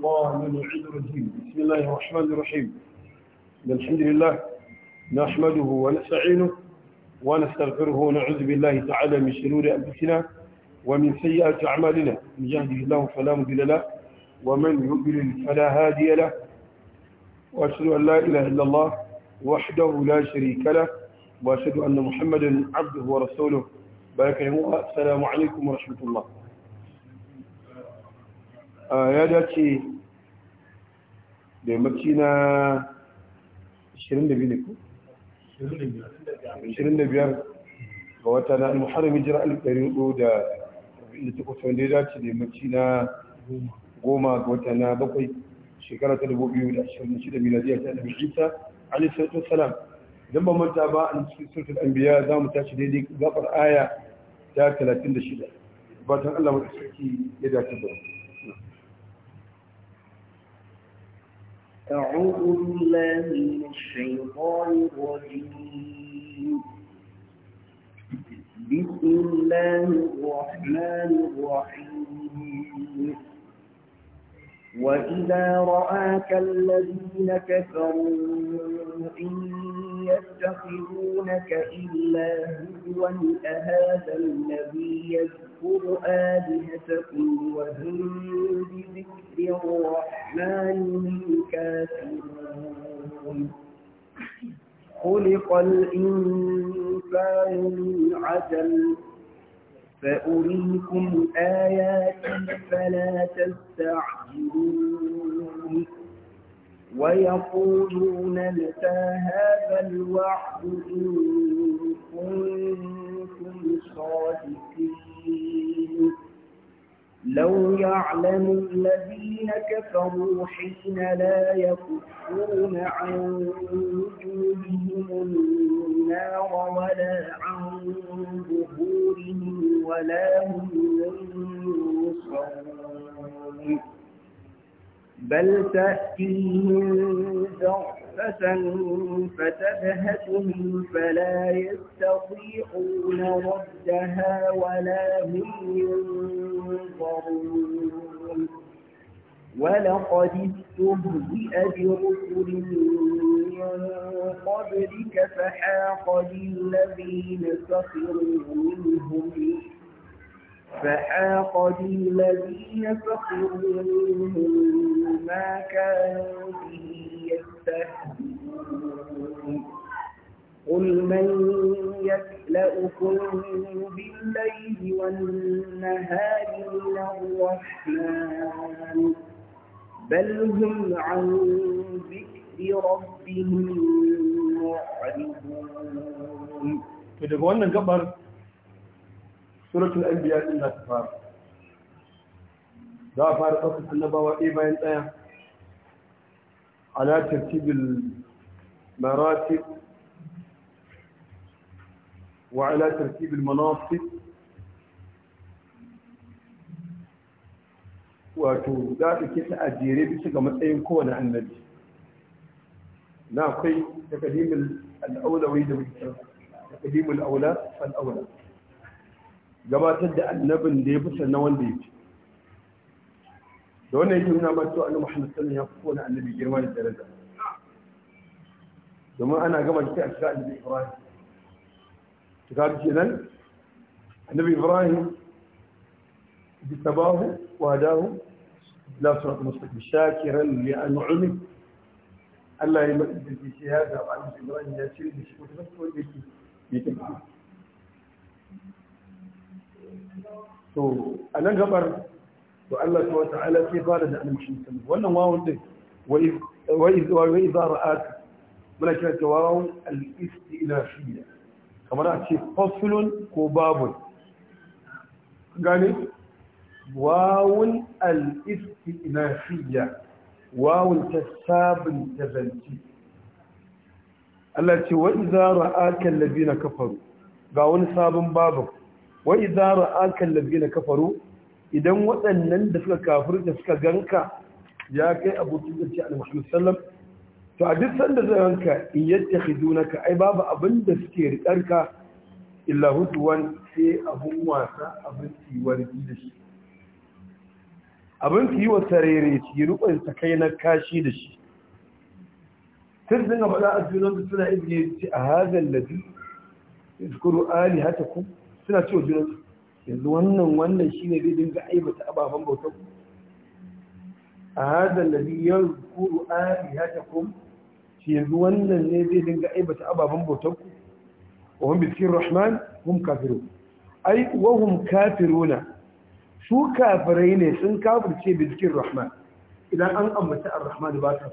الشيطان العيد الرجيم بسم الله الرحمن الرحيم الحمد لله نحمده ونستعينه ونستغفره ونعوذ بالله تعالى من شرور أنفسنا ومن سيئات أعمالنا من يهده الله فلا مضل له ومن يضلل فلا هادي له وأشهد أن لا إله إلا الله وحده لا شريك له وأشهد أن محمدا عبده ورسوله بارك السلام عليكم ورحمة الله ya dace da yammaci na 22 ne ku? 25 ga wata na muharrami jira alƙari hudu da inda ta kusa wanda ya dace da yammaci na goma ga wata na bakwai shekara ta 2026 miladiyar ta da ali alisaitun salam don ba manta ba a cikin surtul anbiya za mu tashi daidai gafar aya ta 36 ba tan allah mai sarki ya dace da mu أعوذ بالله من الشيطان الرجيم بسم الله الرحمن الرحيم وإذا رآك الذين كفروا إن يتخذونك إلا هزوا أهذا الذي يزعم واذكروا آلهتكم وهم بذكر الرحمن هم كافرون خلق الإنسان من عجل فأريكم آياتي فلا تستعجلون ويقولون متى هذا الوعد إن كنتم صادقين الرجيم لو يعلم الذين كفروا حين لا يكفون عن وجوههم النار ولا عن ظهورهم ولا هم ينصرون بل تأتيهم زعفة فتبهتهم فلا يستطيعون ردها ولا هم ينظرون ولقد استهزئ برسل من قبلك فحاق للذين سخروا منهم فحاق بالذين سخروا منهم ما كانوا به يستهزئون قل من يكلأكم بالليل والنهار من الرحمن بل هم عن ذكر ربهم معرضون. سورة الأنبياء إلا كفار ذا فارق أقف النبوة وإيمان آية على ترتيب المراتب وعلى ترتيب المناصب واتو ذلك تأجيري بسكة مطعين كونة عن النبي ناقي تقديم الأولى ويدا تقديم الأولى فالأولى gabatar da annabin da ya fi sannan wanda ya fi da wannan yake nuna ma annabi Muhammad sallallahu ya fi annabi girma da daraja domin ana gama da a cikin annabi Ibrahim to ka ce nan annabi Ibrahim bi tabahu wa la shakiran li بسباه وهداه لا صراط مستقيم شاكرا لأنعمه الله يمد في شهاده وعن إبراهيم ياسين بشكوك ko ويجي ce to a nan gabar to Allah ta wata ala sai fara da annabcin sun wannan wawon din wa iza ra'at muna kira ta wawon al-istinafiyya kamar a ce fasulun ko babun gane wawon al-istinafiyya wawon ta sabon ta zanci Allah ce wa iza ra'akan labina kafaru ga wani sabon babu wa idza ra'aka allazina kafaru idan waɗannan da suka kafirta suka ganka ya kai abu tunanci al muhammad sallam to a duk sanda zai ranka in yadda yattakhidunaka ai babu abin da suke rikarka illa hutuwan sai abun wasa abin tiwar da shi abin ki wa sarere ci rukun sa kai na kashi da shi sai dinga faɗa a junan suna izini a hazan ladhi izkuru alihatakum suna cewa junansu yanzu wannan wannan shi ne zai dinga aibata ababen bautar ku a hadar labi yau kuru ali ta kum shi yanzu wannan ne zai dinga aibata ababen bautar ku wa hum biskin rahman hum kafiro. ai wa hum na. su kafirai ne sun kafirce biskin rahman idan an ambaci ar-rahman ba ta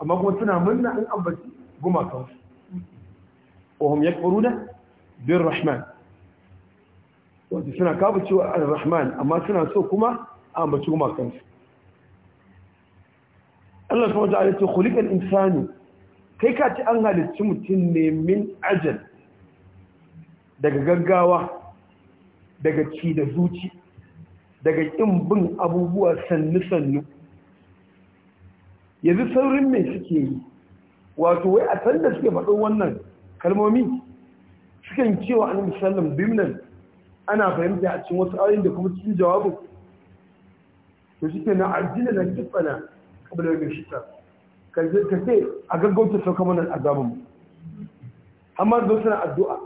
amma kuma suna murna an ambaci gumakansu wa hum yakfuruna bir rahman wato suna kafa cewa al rahman amma suna so kuma a ambaci kuma kansu Allah subhanahu wa ta'ala ya ce khuliqal insani kai ka ci an halicci mutum ne min ajal daga gaggawa daga ci da zuci daga kin bin abubuwa sannu-sannu yanzu saurin mai suke yi wato wai a sanda suke faɗo wannan kalmomi sukan cewa annabi wasallam bimnan ana fahimta a cikin wasu ayoyin da kuma cikin jawabu? to shi ke na ajiyar na kifana kabla yau shi ta ka ce a gaggauta sauka mana azabin mu amma zo suna addu'a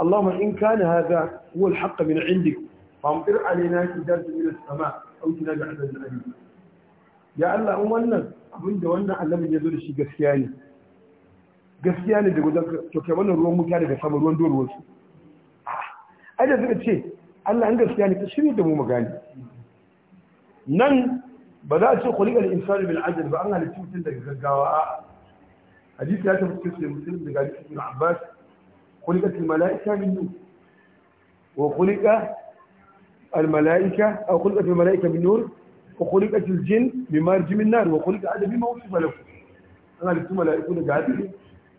Allahumma in kana hada huwa al-haqq min 'indik famtir alaina idan min as-sama aw tina bi 'adab al ya Allah in wannan abin da wannan annabin ya zo da shi gaskiya ne gaskiya ne da gudan to kai wannan ruwan mutane daga sama ruwan doruwarsu aje suka ce Allah an gaskiya ne ka shirye da mu mu gani nan ba za a ce kulika da insani bil ajal ba an halitta mutum daga gaggawa a hadisi ya tabbata ce mutum daga hadisi ibn abbas kulika til malaika min nur wa kulika al malaika aw kulika til malaika min nur wa kulika til jin bi marji min nar wa kulika adabi ma wusifa lakum an halitta malaiku daga hadisi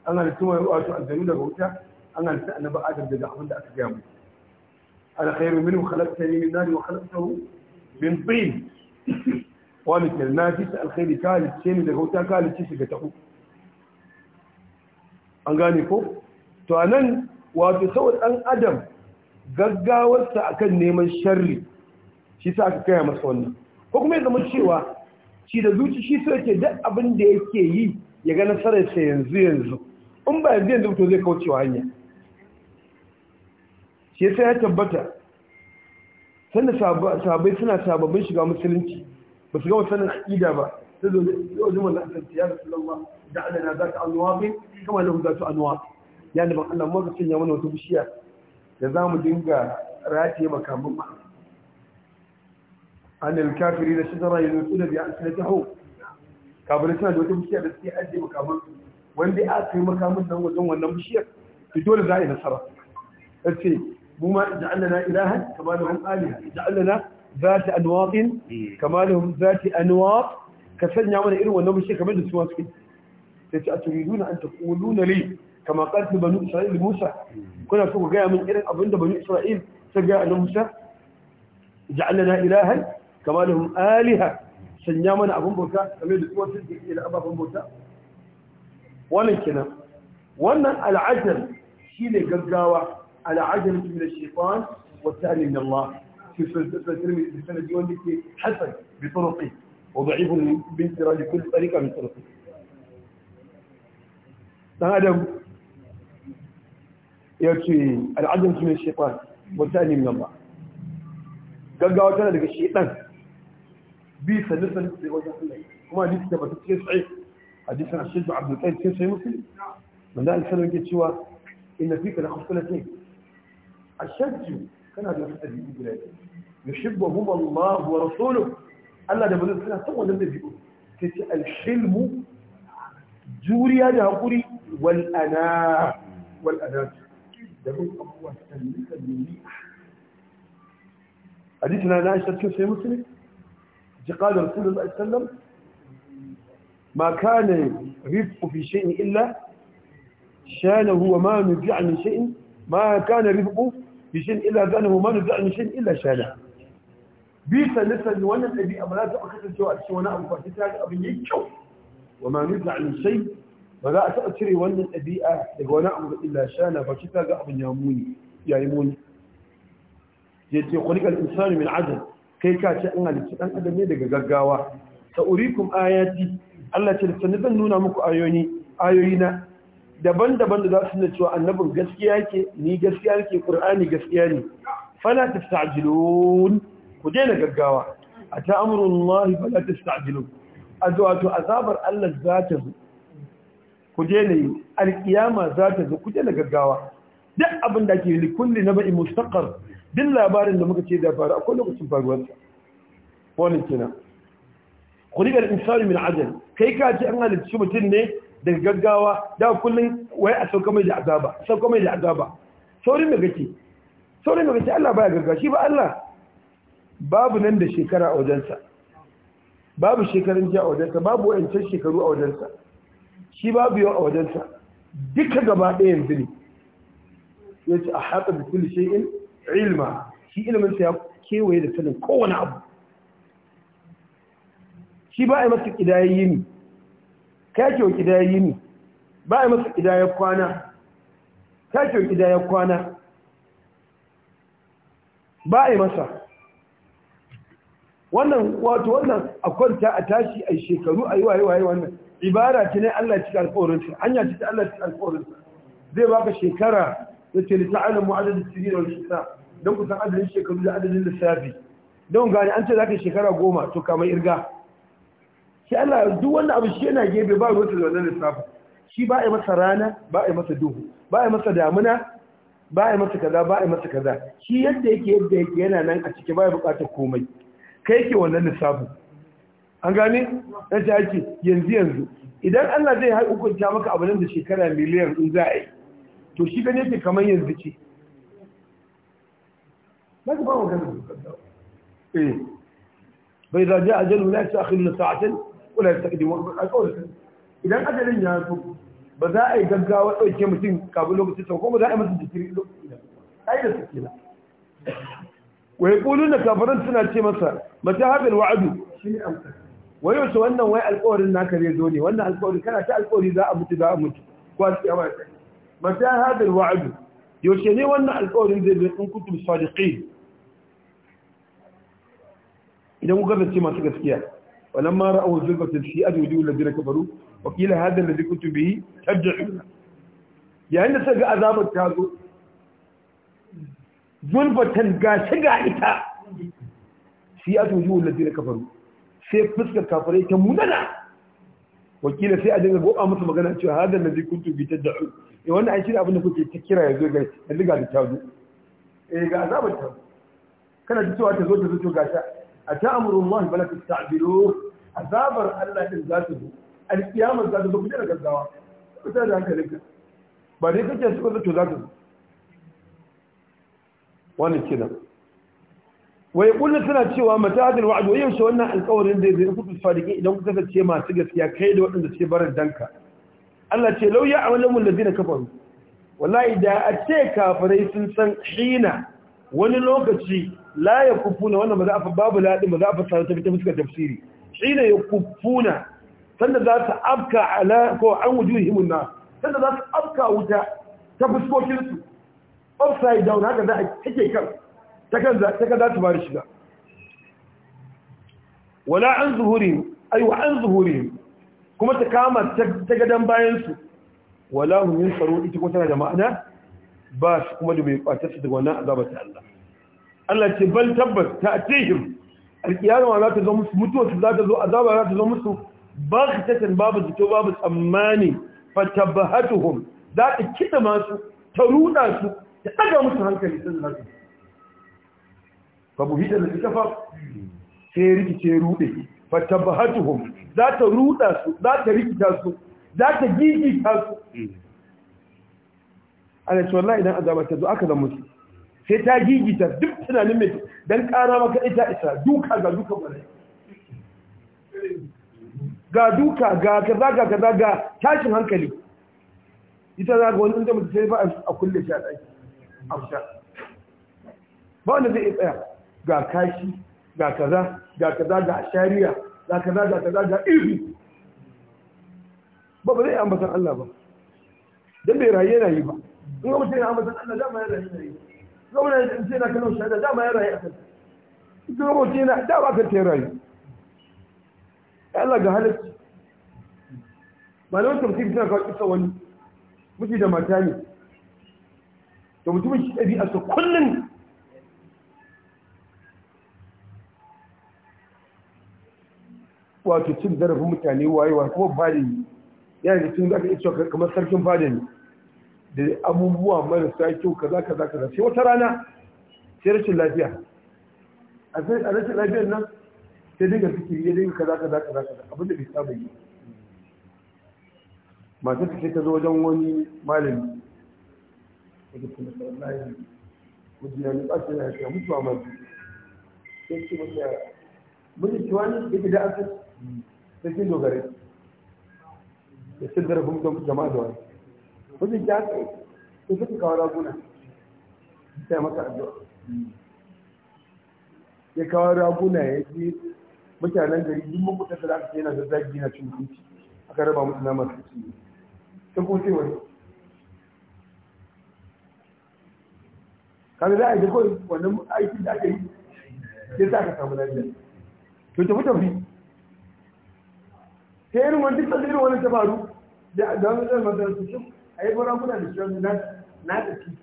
an halitta wato aljanu daga wuta an halitta annabi adam daga abin da aka gaya muku ana khairu minhu khalaqtani min nar wa khalaqtahu min tin wa min tilnafis alkhairi kali ce ne daga wuta kali فو shiga taku an gane ko to anan saboda dan adam gaggawarsa akan neman sharri shi sa aka kaya masa wannan ko kuma ya zama cewa shi da zuci shi so yake duk abin da yake yi ya ga nasarar sa yanzu yanzu in ba yanzu yanzu to zai kaucewa hanya shi yasa ya tabbata sanda sabai suna sababbin shiga musulunci ba su gama sanin aƙida ba sai zo da zuma na asanci ya rasu lamma da alana za ta annuwa fi kama lahu za ta annuwa ya da ban Allah mu ka sanya mana wata bishiya da za mu dinga rataye makamin ma anil kafiri da shidara yanzu da biya asilatahu kafirai suna da wata bishiya da suke ajiye makamin wanda ya aka yi makamin don wajen wannan bishiyar to dole za a yi nasara ce mu ma ja'alna ilahan kama lahum aliha ja'alna zati anwatin kama lahum zati anwat ka sanya mana irin wannan bishe kamar da su suke sai ce aturiduna an taquluna li kama qalu banu isra'il musa kuna so ku ga min irin abin da banu isra'il ta ga annabi musa ja'alna ilahan kama lahum aliha sanya mana abin bauta kamar da suke ababen kenan wannan shine gaggawa العجلة من الشيطان والثاني من الله في الترمذي بسند حسن بطرقه وضعيف بانتراج كل طريقة من طرقه هذا يأتي العجلة من الشيطان والثاني من الله gaggawa tana daga shedan bi sanin sanin sai wajen Allah kuma hadisi da bata ce sai hadisin Ashid Abdul Qayyim sai sai muslim manzo Allah sallallahu alaihi cewa الشجيو كان هذا يحب أبي بلاده يحبهما الله ورسوله ألا ده بلاده كان هذا يحب أبي بلاده كتاء الحلم جوريا لهقولي والأنا والأنا ده هو سليم من أحد أديتنا أنا أشتر كيف سيد مسلم قال رسول الله سلم ما كان رفق في شيء إلا شانه وما نجع من شيء ما كان رفقه bishin illa zanahu man da'a bishin illa shana bisa lisani wannan dabi'a ba za ta kasancewa a cikin wani abu ba ta ga abin yayi kyau wa ma nuza an shay ba za a taɓa cire wannan dabi'a daga wani abu illa shana ba ta ga abin ya muni yayi muni yace khuliqal insanu min ajal kai ka ce an halicci dan adam ne daga gaggawa sa urikum ayati Allah ce sanin zan nuna muku ayoyi ayoyina daban-daban da za su nuna cewa annabin gaskiya ke, ni gaskiya ke ƙur'ani gaskiya ne Fana ta tasta'jilun ku daina gaggawa ata amrullahi A tasta'jilun to azabar Allah za ta zo ku daina yi alkiyama za ta zo ku daina gaggawa duk abin da ke li kulli naba'i mustaqar duk labarin da muka ce da faru akwai lokacin faruwarsa wannan kenan khuliqa al-insanu min ajal kai ka ce an halicci mutum ne daga gaggawa da kullum wai a sauka mai da azaba sauka mai da azaba saurin da gaci saurin da gaci Allah baya gaggawa shi ba Allah babu nan da shekara a wajensa babu shekarun jiya a wajensa babu wayancan shekaru a wajensa shi babu yau a wajensa duka gaba ɗaya yanzu ne ya ce a haɗa da kulle shay'in ilma shi ilimin sa ya kewaye da sanin kowane abu shi ba a yi masa ƙidayayyi ne kakewa yi yini ba a masa ya kwana kakewa ya kwana ba a masa wannan wato wannan a kwanta a tashi a shekaru a yi waye waye wannan ibara ce ne Allah cika alƙawarinsa hanya ce ta Allah cika alƙawarinsa zai baka shekara da ce da ta'alamu adadin sirri da hisab don kusan adadin shekaru da adadin lissafi don gani an ce zaka shekara goma to kamar irga sai Allah duk wanda abu shi yana gebe ba ruwa da wannan lissafi shi ba a masa rana ba a masa duhu ba a masa damuna ba a masa kaza ba a masa kaza shi yadda yake yadda yake yana nan a cike ba ya bukatar komai kai yake wannan lissafin an gane na ta ake yanzu yanzu idan Allah zai har ta maka abu nan da shekara miliyan in za a yi to shi gane yake kamar yanzu ce ba ku ba wa ganin eh bai zaje ajalu la ta akhiru sa'atan kula da sa'idi wani alƙawarin idan ajalin ya zo ba za a yi gaggawa ɗauke mutum kabin lokacin sau kuma za a yi masa jikiri lokacin da suke na wai kulun da kafaran suna ce masa mata haɗin wa'adu shi ne amsa wai wace wannan wai alƙawarin naka zai zo ne wannan alƙawarin kana ta alƙawari za a mutu za a mutu ko a tsaya ma ta mata haɗin wa'adu yaushe ne wannan alƙawarin zai zo in kuntum sadiqin idan ku kuka ce masu gaskiya ولما رأوا زلفة الشيئة وجوه الذين كفروا وقيل هذا الذي كنتم به ترجعون يعني سجى عذاب التازو زلفة قاشقة إتا شيئة وجوه الذين كفروا sai fuskar kafirai ta munana wakila sai a dinga goba masa magana cewa hada nazi kuntu bi tad'u eh wannan ai shine abin da kuke ta kira yanzu ga yanzu ta zo eh ga azabar ta kana ji ta zo ta zo to gata a ta'amurun mahi bala ta a zabar Allah ɗin za ta zo alkiyamar za ta zo kusa da gaggawa kusa da hankalinka ba dai kake suka zato za ta zo wannan kenan wai kullum suna cewa mata adil wa'ad wa yaushe wannan alƙawarin da zai kuka sadiqin idan kuka ce masu gaskiya kai da waɗanda suke barin danka Allah ce lauya a wannan mulazina kafaru wallahi da a ce kafirai sun san hina wani lokaci la ya kufuna wannan ba za a fa babu laɗin ba za a fasara ta fuskar tafsiri shi ne ya kufuna sanda za su afka ala ko an wuju himunna sanda za su afka wuta ta fuskokinsu upside down haka za a take kan ta kan za su bari shiga wala an zuhuri ai wa an zuhuri kuma ta kama ta gadan bayansu wala hun yin tsaro ita kuma tana da ma'ana ba su kuma da bai kwatar su daga wannan azabar ta Allah Allah ce bal tabbas ta atihim alkiyama za ta zo musu mutuwa za ta zo azaba za ta zo musu baghtatan babu zato babu tsammani fa fatabahatuhum za ta kida masu ta ruda su ta daga musu hankali sun zasu babu hidda da kafa sai rikice rude fatabahatuhum za ta ruda su za ta rikita su za ta gigita su Allah ce wallahi idan azaba ta zo aka zama musu sai ta gigita duk tunanin mai don kara maka ita isa duka ga duka bane ga duka ga kaza ga kaza ga tashin hankali ita za ga wani inda mutu sai ba a kulle shi a ɗaki a fita ba wanda zai tsaya ga kashi ga kaza ga kaza ga shari'a ga kaza ga kaza ga ibi ba ba zai ambatan Allah ba don bai rayu yana yi ba in ga mutum yana ambatan Allah dama yana rayu yana yi gwamnan yanzu yana kallon shahada dama ya rayu a kan ita gwamnati yana dama kan ta rayu Allah ga halittu malamin tafsiri suna kawo kisa wani miji da mata ne da mutumin shi ɗabi'a su kullum wato cin zarafin mutane wayewa kuma bada ne da kamar sarkin bada ne da abubuwa marasa kyau kaza kaza kaza sai wata rana sai rashin lafiya a rashin lafiyar nan sai dinga fikiri ya dinga kaza kaza kaza kaza abin da bai saba yi masu take ta zo wajen wani malami wanda kuma sallahi mujina ne ba ta lafiya mutuwa ma sai ce masa mun ci wani ke da asali sai dogare da cin zarafin jama'a da wani ó ya ce su suka kíkà ọlọ́gùn sai masa mọ́ta ya kawo raguna ya je mutanen gari duk mabuta da aka yana da zagi na cin kuci aka raba musu nama su ci ta kuce wani kada za a yi kawai wannan aikin da aka yi sai za ka samu lafiya to tafi tafi ta yi wani duk da irin wani ta faru da wani zai mazan su a yi bura kuna da shi na da ci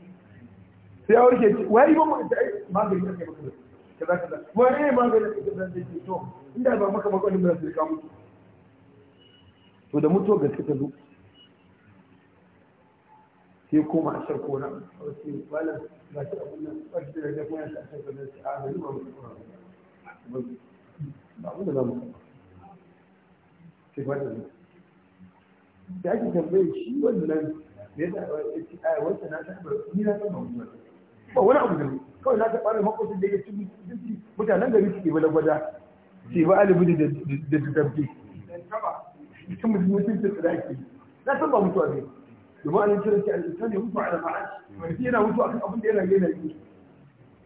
sai ya warke ci wani ba mu da magani ake maka da kaza kaza wani ne eh, magani ake kaza da ke to inda ba maka maka wani ba su rika mutu to da mutuwa gaske ta zo sai koma a sharko na a wasu malam ba shi abun nan ba shi da kuma ya sa sharko na a hannun ba mutu ba mu da za mu sai ba ta mutu da ake tambaye shi wannan da ya zaɓa ya ce a wacce na taɓa ni na taɓa mutuwa ba wani abu da kawai na taɓa da makwacin da ya ci mutunci mutanen gari suke ke bala gwada ce ba alibi da da dabbe ita mutunci su da ake na taɓa mutuwa ne domin an cire ce al'isan ya mutu a rafa'ashi wani yana mutu a kan abin da yana gaina yi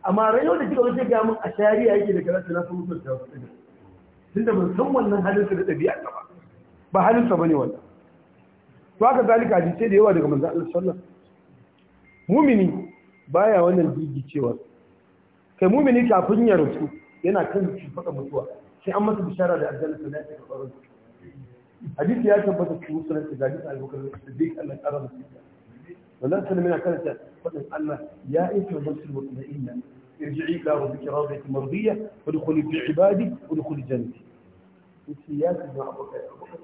amma rayuwar da kika wuce ga mun a shari'a yake da karatu na san mutuwa ta wasu tunda ban san wannan halin su da ɗabi'a ba ba halin sa bane wannan to haka zalika hadisai da yawa daga manzon Allah sallallahu mumini baya wannan cewa. kai mumini kafin ya rasu yana kan faka mutuwa sai an masa bishara da aljanna sai ya karɓar hadisi ya tabbata cikin sunan da hadisi al-bukhari da dik Allah ya rahmata wannan sunan yana karanta fadin Allah ya aika rasul mutmainna irji'i ila rabbika radiyatan mardiyya wa dukhuli fi ibadi wa dukhuli jannati yace ya tabbata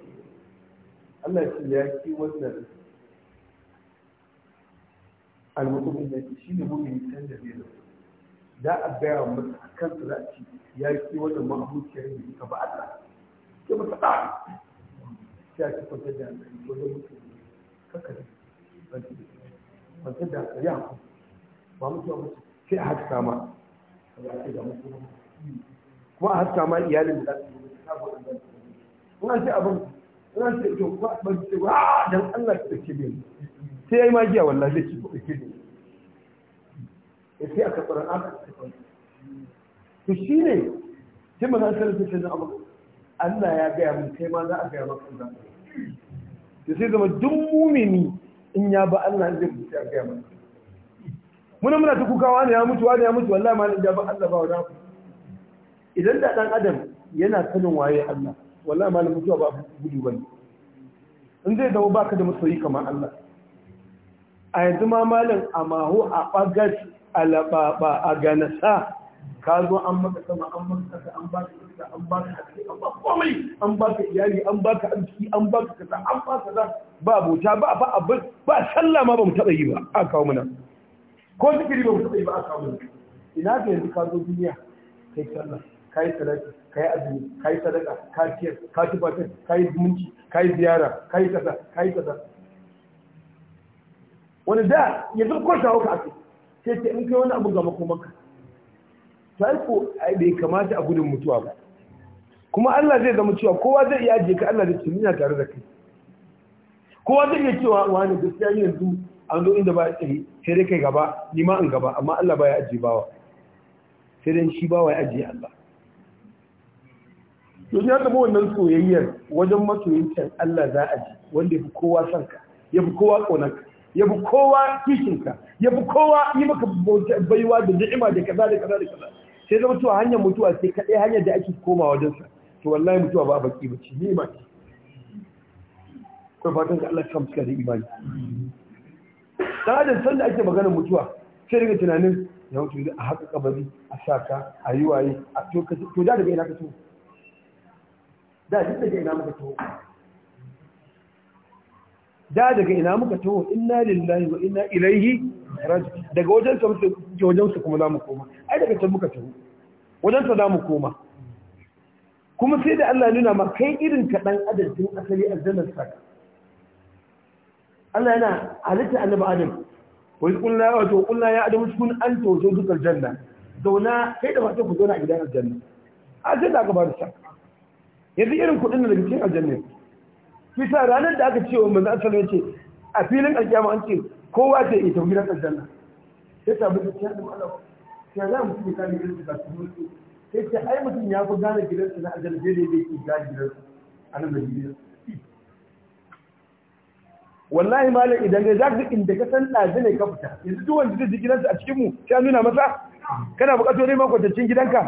Allah ce ya ki wannan almutumin da shi ne mumin can da zai rasu da a gaya masa a kansa za a ce ya ki wannan ma'abuciyar da suka ba Allah ke masa ɗa ya ci kwanta da hankali wajen mutum kaka da kwanta da hankali a hankali ba mutuwa mutu sai a haska ma kuma a haska ma iyalin da za su yi saboda ɗan kuma an ce abin ran ce to ba ban ce wa ah, dan Allah ka take ni sai yayi magiya wallahi zai ci ba take ni sai aka fara aka to shine sai manzo sallallahu alaihi wasallam abu Allah ya gaya mun kai ma za a gaya maka da to sai zama duk mumini in ya ba Allah zai buci a gaya maka muna muna ta kuka wani ya mutu wani ya mutu wallahi ma ya ba Allah ba wani idan da dan adam yana sanin waye Allah wallahi malam mutuwa ba gudu bane in zai dawo baka da masoyi kamar Allah a yanzu ma malam a maho a bagas alababa a ganasa ka zo an maka sama an maka kasa an baka kasa an baka haske an baka komai an baka iyali an baka arziki an baka kasa an baka za ba bauta ba ba abin ba sallah ma ba mu taɓa yi ba a kawo muna ko zikiri ba mu taɓa yi ba a kawo muna ina ka yanzu ka zo duniya kai sallah ka yi sadaka ka yi azumi ka yi sadaka ka ciyar ka ci batin ka yi zumunci ka yi ziyara ka yi kasa ka yi kasa wani da ya yanzu ko shawo ka ake sai ce in kai wani abu ga makomanka to ai ko bai kamata a gudun mutuwa ba kuma Allah zai zama cewa kowa zai iya ajiye ka Allah zai ce ina tare da kai kowa zai iya cewa wani gaskiya yanzu an zo inda ba ya eh, tsaye sai dai kai gaba ni ma in gaba amma Allah ba ya ajiye bawa sai dai shi bawa ya ajiye Allah to ya zama wannan soyayyar wajen masoyincin Allah za a ji wanda ya fi kowa son ka ya fi kowa ƙaunar ya fi kowa kishinka ya fi kowa yi maka baiwa da ni'ima da kaza da kaza da kaza sai zama to hanyar mutuwa sai kaɗai hanyar da ake koma wajen sa to wallahi mutuwa ba baki ba ce ni'ima ce ko fatan ka Allah kan fuska da imani Da adam san da ake maganar mutuwa sai daga tunanin ya mutu a haka kabari a saka a yi waye a to da daga ina ka tuno da daga ina muka taho da ina muka inna lillahi wa inna ilaihi daga wajen ka muke wajen su kuma zamu koma ai daga can muka taho wajen sa zamu koma kuma sai da Allah nuna ma kai irin ka dan adam asali aljannar sa Allah yana halitta annabi Adam wai kullu wa to kullu ya adam kun anta wa zawjukal janna zauna kai da mata ku zauna a gidan aljanna a sai da ka ba da shakka yanzu irin kuɗin daga cikin aljanna shi sa ranar da aka ce wa manzo asali ya ce a filin alkiyama an ce kowa ta yi ta gidan aljanna sai ta ta da Allah sai za mu ci kan gidan da su mutu sai ta ai mutum ya ku gane gidan sa na aljanna dai dai dai ki gane gidan a nan da gidan wallahi malam idan ga zaka inda ka san daji ne ka fita yanzu duk wanda zai ji gidansa a cikin mu sai an nuna masa kana bukatar neman kwatancin gidanka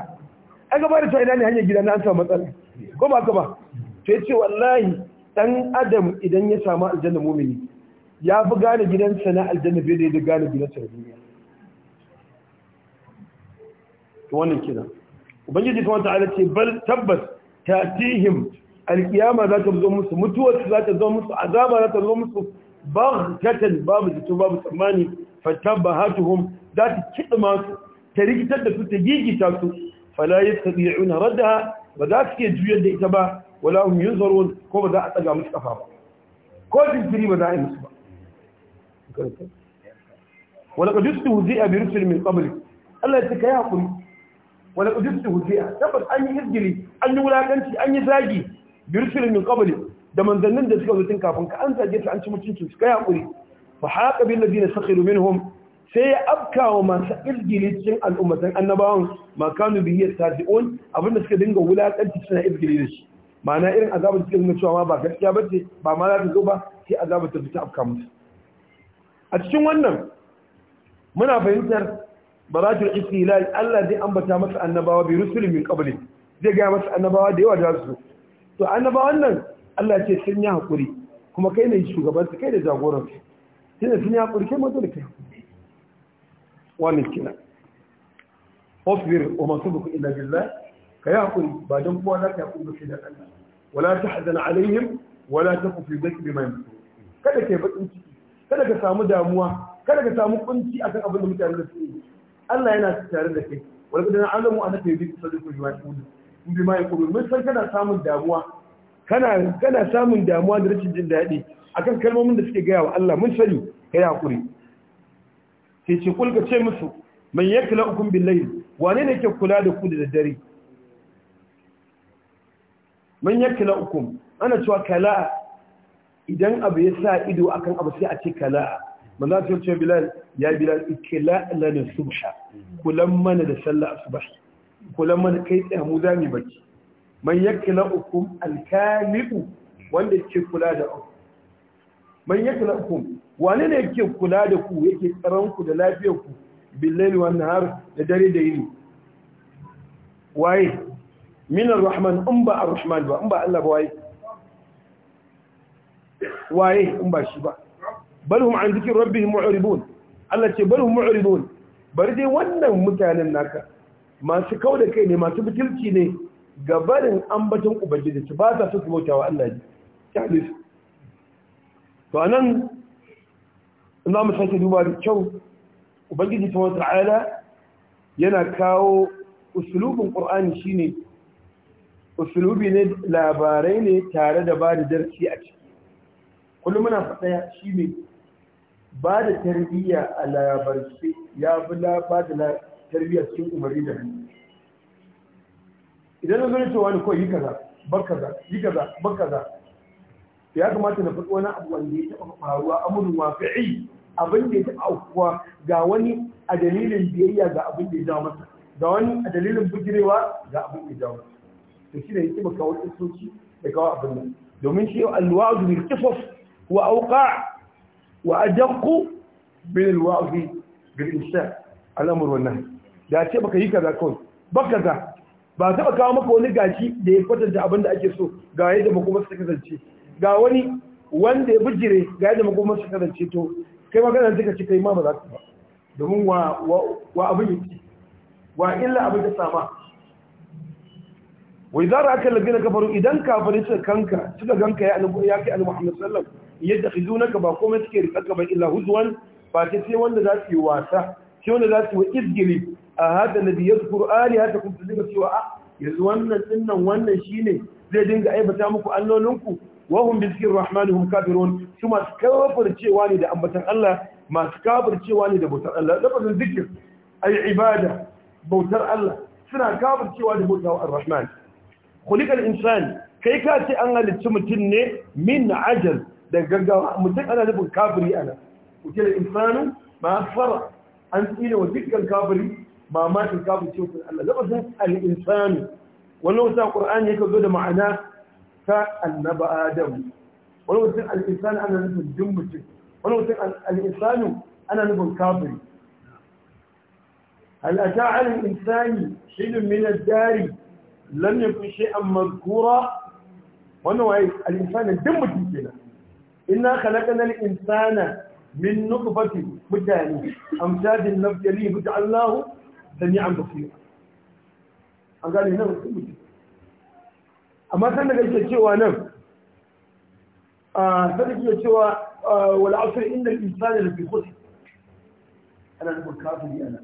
an gaba da ta ina ne hanyar gidan na an samu matsala ko ba ka ba sai ce wallahi dan adam idan ya samu aljanna mumini ya fi gane gidansa na aljanna bai da gane gidansa na duniya to wannan kenan ubangiji kuma ta'ala ce bal tabbas tatihim alqiyama za ta zo musu mutuwa za ta zo musu azaba za ta zo musu baghtatan babu jitu babu tsammani fatabahatuhum za ta kidma su ta rikitar da su ta gigita su fala yastati'una raddaha ba za su ke juyar da ita ba wala hum yunzarun ko ba za a tsaga musu kafa ba ko jinkiri ba za a yi musu ba wala qad yustahzi'a bi rusul min qabl Allah ya tsaka ya hakuri wala qad yustahzi'a tabbas an yi izgili an yi wulakanci an yi zagi bi rusul min qabl da manzannin da suka zo tun kafin ka an zage su an ci mutuncin su kai hakuri fa haqa bil ladina sakhiru minhum sai ya afkawa masu izgili cikin al'ummatan annabawan makanu biyar on abinda suka dinga wulakanci suna izgili da shi ma'ana irin azabar suka dinga cewa ma ba gaskiya ba ce ba ma za ta zo ba sai azabar ta fita afka musu a cikin wannan muna fahimtar baratul istilal Allah zai ambata masa annabawa bi rusulin min qabli zai ga masa annabawa da yawa da su to annabawan nan Allah ce sun yi hakuri kuma kai ne shugabansu kai da jagoransu sai sun yi hakuri kai ma da kai wamiskina wasbir wa masubuku illa billah ka yi hakuri ba don kowa za ka hakuri ba da Allah wala tahzan alaihim wala taku fi dhikri ma kada ke bakin ciki kada ka samu damuwa kada ka samu kunci akan abin da mutane da su Allah yana tare da kai wala kada alamu ana kai bi sallu ko jima'i kun bi ma yakuru mun san kana samun damuwa kana kana samun damuwa da rashin jin daɗi akan kalmomin da suke gaya wa Allah mun sani kai hakuri sai ce kulka ce musu man yakla ukum billahi wane ne ke kula da ku da daddare man yakla ukun. ana cewa kala idan abu ya sa ido akan abu sai a ce kala manzo sai ce bilal ya bilal ikla lana subha kulan mana da sallah asbah kulan mana kai tsaya mu zami baki ya yakla ukun alkalibu wanda ke kula da ku man ku wane ne yake kula da ku yake tsaron ku da lafiyar ku billahi wa nahar da dare da yini waye min arrahman in ba arrahman ba in ba Allah ba waye waye in ba shi ba balhum an zikir rabbihim mu'ridun Allah ce balhum mu'ridun bari dai wannan mutanen naka masu kau da kai ne masu butulci ne gabarin ambaton ubangiji ba za su bautawa Allah ne ta to anan za mu sake duba da kyau ubangiji ta wata ala yana kawo usulubin ƙur'ani shine usulubi ne labarai ne tare da ba da darsi a ciki kullum muna faɗaya shi ne ba da tarbiyya a labarci ya fi ba da tarbiyya cikin umarni da hannu idan na zo cewa ni kawai yi kaza bar kaza yi kaza bar kaza ya kamata na faɗi wani abu wanda ya taɓa faruwa amurin wafi'i abin da ya taɓa aukuwa ga wani a dalilin biyayya ga abin da ya jawo masa ga wani a dalilin bujirewa ga abin da ya jawo masa to shi ne ya taɓa kawo tsoci da kawo abin nan domin shi alwa'azu bil qisas wa awqa wa ajaqqu bil alwa'azi bil insha al'amr wa nahy da ce baka yi kaza kawai baka kaza ba taɓa kawo maka wani gashi da ya kwatanta abin da ake so ga yadda ba kuma suka kasance ga wani wanda ya bijire ga yadda makomar su kasance to kai magana suka ci kai ma ba za su ba domin wa abin yake wa illa abin da sama wai zara aka lagina kafaru idan kafari suka kanka suka ganka ya fi ya kai annabi Muhammad sallallahu yadda khizunaka ba komai suke rikaka ba illa huzwan ba ta sai wanda za su yi wasa sai wanda za su yi izgili a hada na biyar ali hada kun tuzira cewa a ah, yanzu wannan dinnan wannan shine zai dinga aibata muku allolinku wahum bi zikir rahmani hum kafirun su masu kafircewa ne da ambatan Allah masu kafircewa ne da bautar Allah lafazin zikir ay ibada bautar Allah suna kafircewa da bautar Ar-Rahman khuliqal insan kai ka ce an halicci mutum ne min ajal da gaggawa mutum ana nufin kafiri ana kuke insanu ma fara an tsine wa dukkan kafiri ma ma kafircewa Allah lafazin al-insanu wannan wata Qur'ani yake zo da ma'ana ta هل أتى على الإنسان شيء من الدار لم يكن شيئا مذكورا وأنه الإنسان الدم تنكينا إنا خلقنا الإنسان من نطفة متاني أمساد النبتلي فجعلناه سميعا بصيرا قال هنا مستمتك amma san da kake cewa nan a sai kake cewa wal asr inda al-insana lafi khusr ana nufin kafiri ana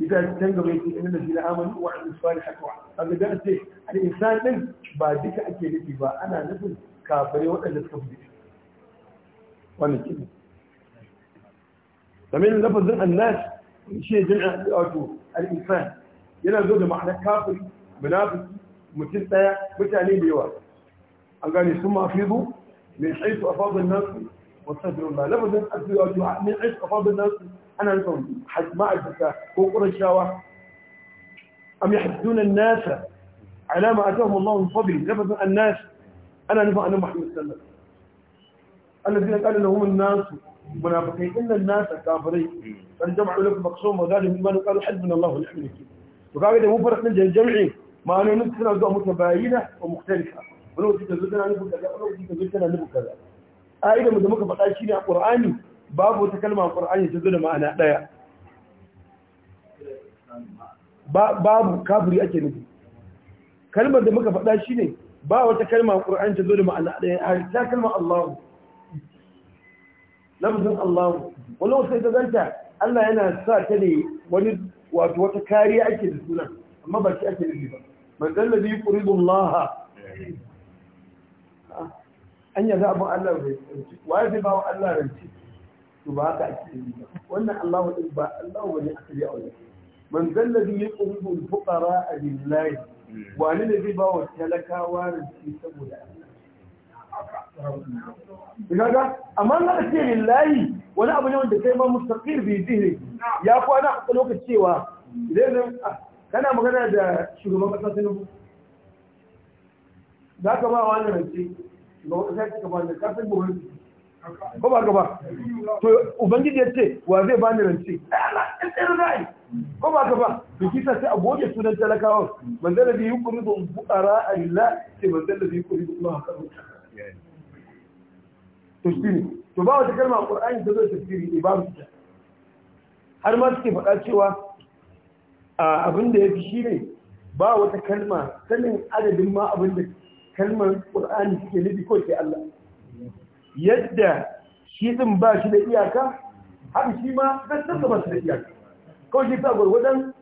idan can gaba yake inda da jira amanu wa an suwari hakawa a ga dan ce al'insan din ba duka ake nufi ba ana nufin kafare waɗanda suka fi wannan kin kamin lafazin annas shi jin wato al'insan yana zo da ma'anar kafiri بلاد متلتا متعلي ليوا قال ثم افيض من حيث افاض الناس وصدر الله لابد ان افيض من حيث افاض الناس انا لكم حد ما عدتا هو قرشاوة ام يحدون الناس على ما اتاهم الله من فضل لابد الناس انا نفع انا محمد صلى الله الذين قالوا انهم الناس منافقين ان الناس كافرين فالجمع لكم مقسوم وذلك بما قالوا من الله ونحن وقال اذا مو فرق من جمعين ma'anonin suna zuwa mutu bayina wa muktarifa wani wasu tazo tana nufin kaza wani wasu tazo tana nufin kaza ƙa'idar mu da muka faɗa shi ne a ƙur'ani babu wata kalma a ƙur'ani ta ma'ana ɗaya babu kafiri ake nufi kalmar da muka faɗa shi ne ba wata kalma a ƙur'ani ta ma'ana ɗaya a ta kalmar allahu lafazin allahu wani wasu allah yana sa ta ne wani wato wata kariya ake da suna amma ba shi ake nufi ba man dallabi yuqridullah an yaga abun Allah bai tsanci waye zai ba wa Allah ranci su ba haka ake yi wannan Allah din ba Allah bane aka yi aure man zallabi dallabi yuqridu al a billahi wani ne zai ba wa talakawa ranci saboda Allah ga amma na ce lillahi wani abu ne wanda kai ma mustaqir bi zihri ya kwana a lokacin cewa idan kana magana da shugaban ƙasa tinubu za ka ba wani rance shugaban ƙasa sai ka ba da kasan gobe ko ba gaba to ubangiji ya ce wa zai ba ni rance ɗan ɗan ra'ayi ko ba gaba da kisa sai a goge sunan talakawa manzan da biyu kuri don bukara a lilla ce manzan da biyu kuri don ma haka to shi ne to ba wata kalma a ƙur'ani ta zo tafsiri ne ba har ma suke faɗa cewa abin da ya fi shi ne ba wata kalma sanin adadin ma abin da kalmar ƙur'ani suke nufi ko ke Allah yadda shi ɗin ba shi da iyaka haka shi ma gaskar ba su da iyaka kawai shi ta gwargwadon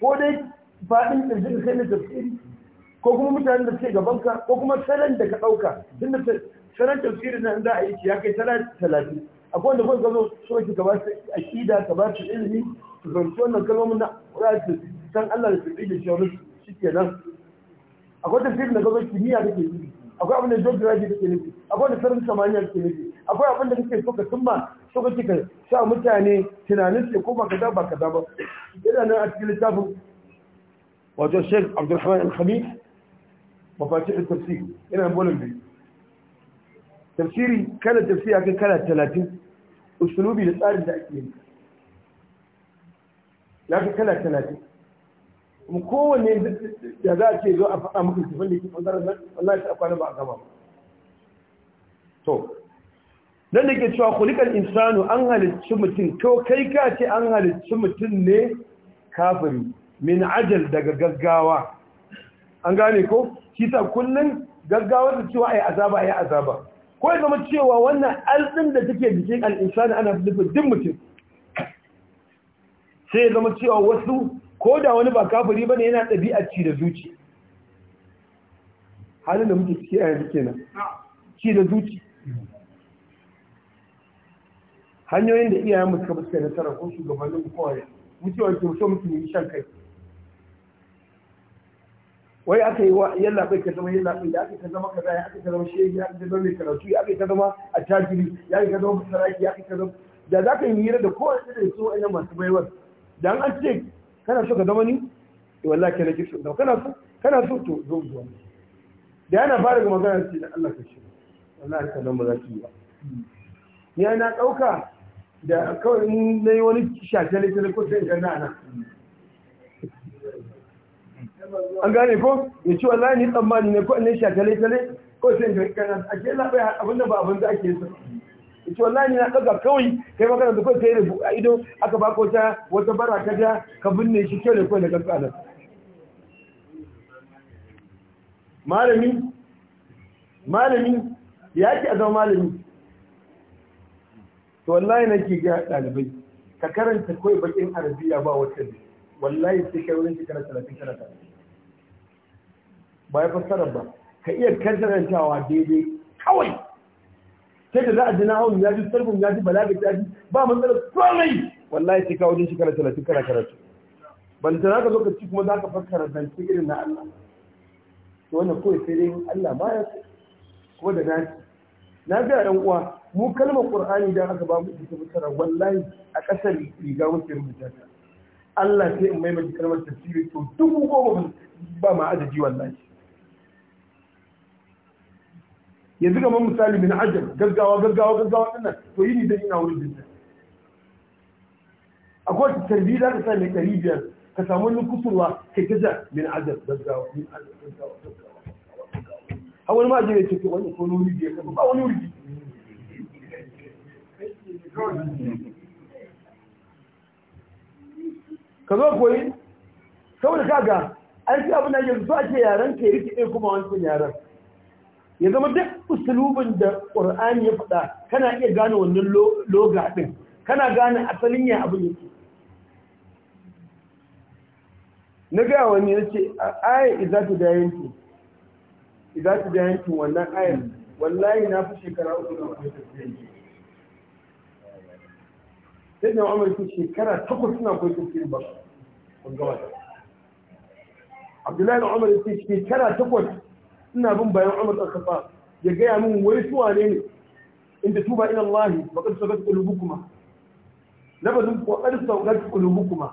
ko dai faɗin ƙirjin kai na tafsiri ko kuma mutanen da suke gabanka ko kuma salon da ka ɗauka tun da salon tafsirin nan za a yi ya kai talatin akwai wanda kawai ka zo so ka ba su aƙida ka ba su ilimi su wannan kalmomin na Allah da da shi ke nan akwai tafiyar da kimiyya da ke nufi akwai abin da ke nufi da sarin ke nufi akwai abin da kake so ka cimma so kake ka sa mutane tunanin su ko ba kaza ba kaza ba yana nan a cikin littafin wato Sheikh da yana bolin biyu tafsiri kala tafsiri akan kala talatin, usulubi da tsarin da ake yi Ya fi kala ce mu kowane da za a ce zo a faɗa muku tafin da ke ɓangaren nan wallahi ta kwana ba a gama ba to nan da ke cewa kulikan insanu an halicci mutum to kai ka ce an halicci mutum ne kafiri min ajal daga gaggawa an gane ko shi ta kullun gaggawa da cewa ai azaba ai azaba ko ya zama cewa wannan alɗin da take jikin al-insani ana nufin duk mutum sai ya zama cewa wasu ko da wani ba kafiri ba ne yana ɗabi'ar ci da zuci halin da muke ciki a yanzu kenan ci da zuci hanyoyin da iyayen mu suka fuskanta nasara ko shugabannin kowai muke ke mutum mutum yi shan kai wai aka yi wa yallaɓai ka zama yallaɓai da aka ka zama kaza ya aka ka zama shehi ya aka ka zama mai karatu ya aka ka zama a tajiri ya aka ka zama basaraki ya aka ka zama da za ka yi hira da kowane da su wa'annan masu baiwar da an ce kana so ka zama ni to wallahi kana ki da kana so kana so to zo zuwa da yana fara ga magana ce da Allah ka shi wallahi ka ba za ki yi ba ni ana dauka da kawai in nayi wani shafe ne ko sai kana ana an gane ko ya ci wallahi ni tsammani ne ko in shafe ne sai ko a ce la bai abinda ba abinda ake so yace wallahi ni na daga kawai kai magana da kai sai rubu a ido aka baka wata wata bara ka ja ka binne shi kyau da kai da kanka malami malami ya ki a zama malami to wallahi nake ga dalibai ka karanta kawai bakin arabiya ba wata ne wallahi sai kai wurin shekara 30 kana ta ba ya fassara ba ka iya karantawa daidai kawai sai da za a ji nahawun ya ji sarfin ya ji balaga ya ji ba matsalar komai wallahi sai ka wajen shekara talatin kana karatu ban tana ka lokaci kuma za ka fassara zance irin na Allah to wannan kawai sai dai Allah ba ya ko da na na ga yan uwa mu kalmar qur'ani da aka ba mu ta fassara wallahi a kasar riga muke rubuta ta Allah sai in maimaita kalmar tafsiri to dubu goma ba ma adadi wallahi yanzu kamar misali min ajal gaggawa gaggawa gaggawa dinnan to yini da ina wurin dinnan akwai wata tarbi za ka sa mai ɗari biyar ka samu wani kusurwa kai ta ja min ajal gaggawa min ajal gaggawa gaggawa har wani ma'ajiyar ya ce to wani ko wuri biyar ba wani wuri ka zo koyi saboda kaga an fi abin da yanzu ake yaren ka yi rikide kuma wancan yaren ya zama duk usulubin da ƙur'ani ya faɗa kana iya gane wannan loga ɗin kana gane asalin ya abin yake na gaya wani ya ce aya izatu da yanki izatu da yanki wannan ayin wallahi na fi shekara uku da wani sai da umar shi shekara takwas suna koyi tafsirin ba kun gaba abdullahi na umar ce shekara takwas ina bin bayan Umar ɗan Khattab ya gaya min wai su wane ne inda tuba ila Allah wa qad sabat qulubukuma lafazin wa qad sabat qulubukuma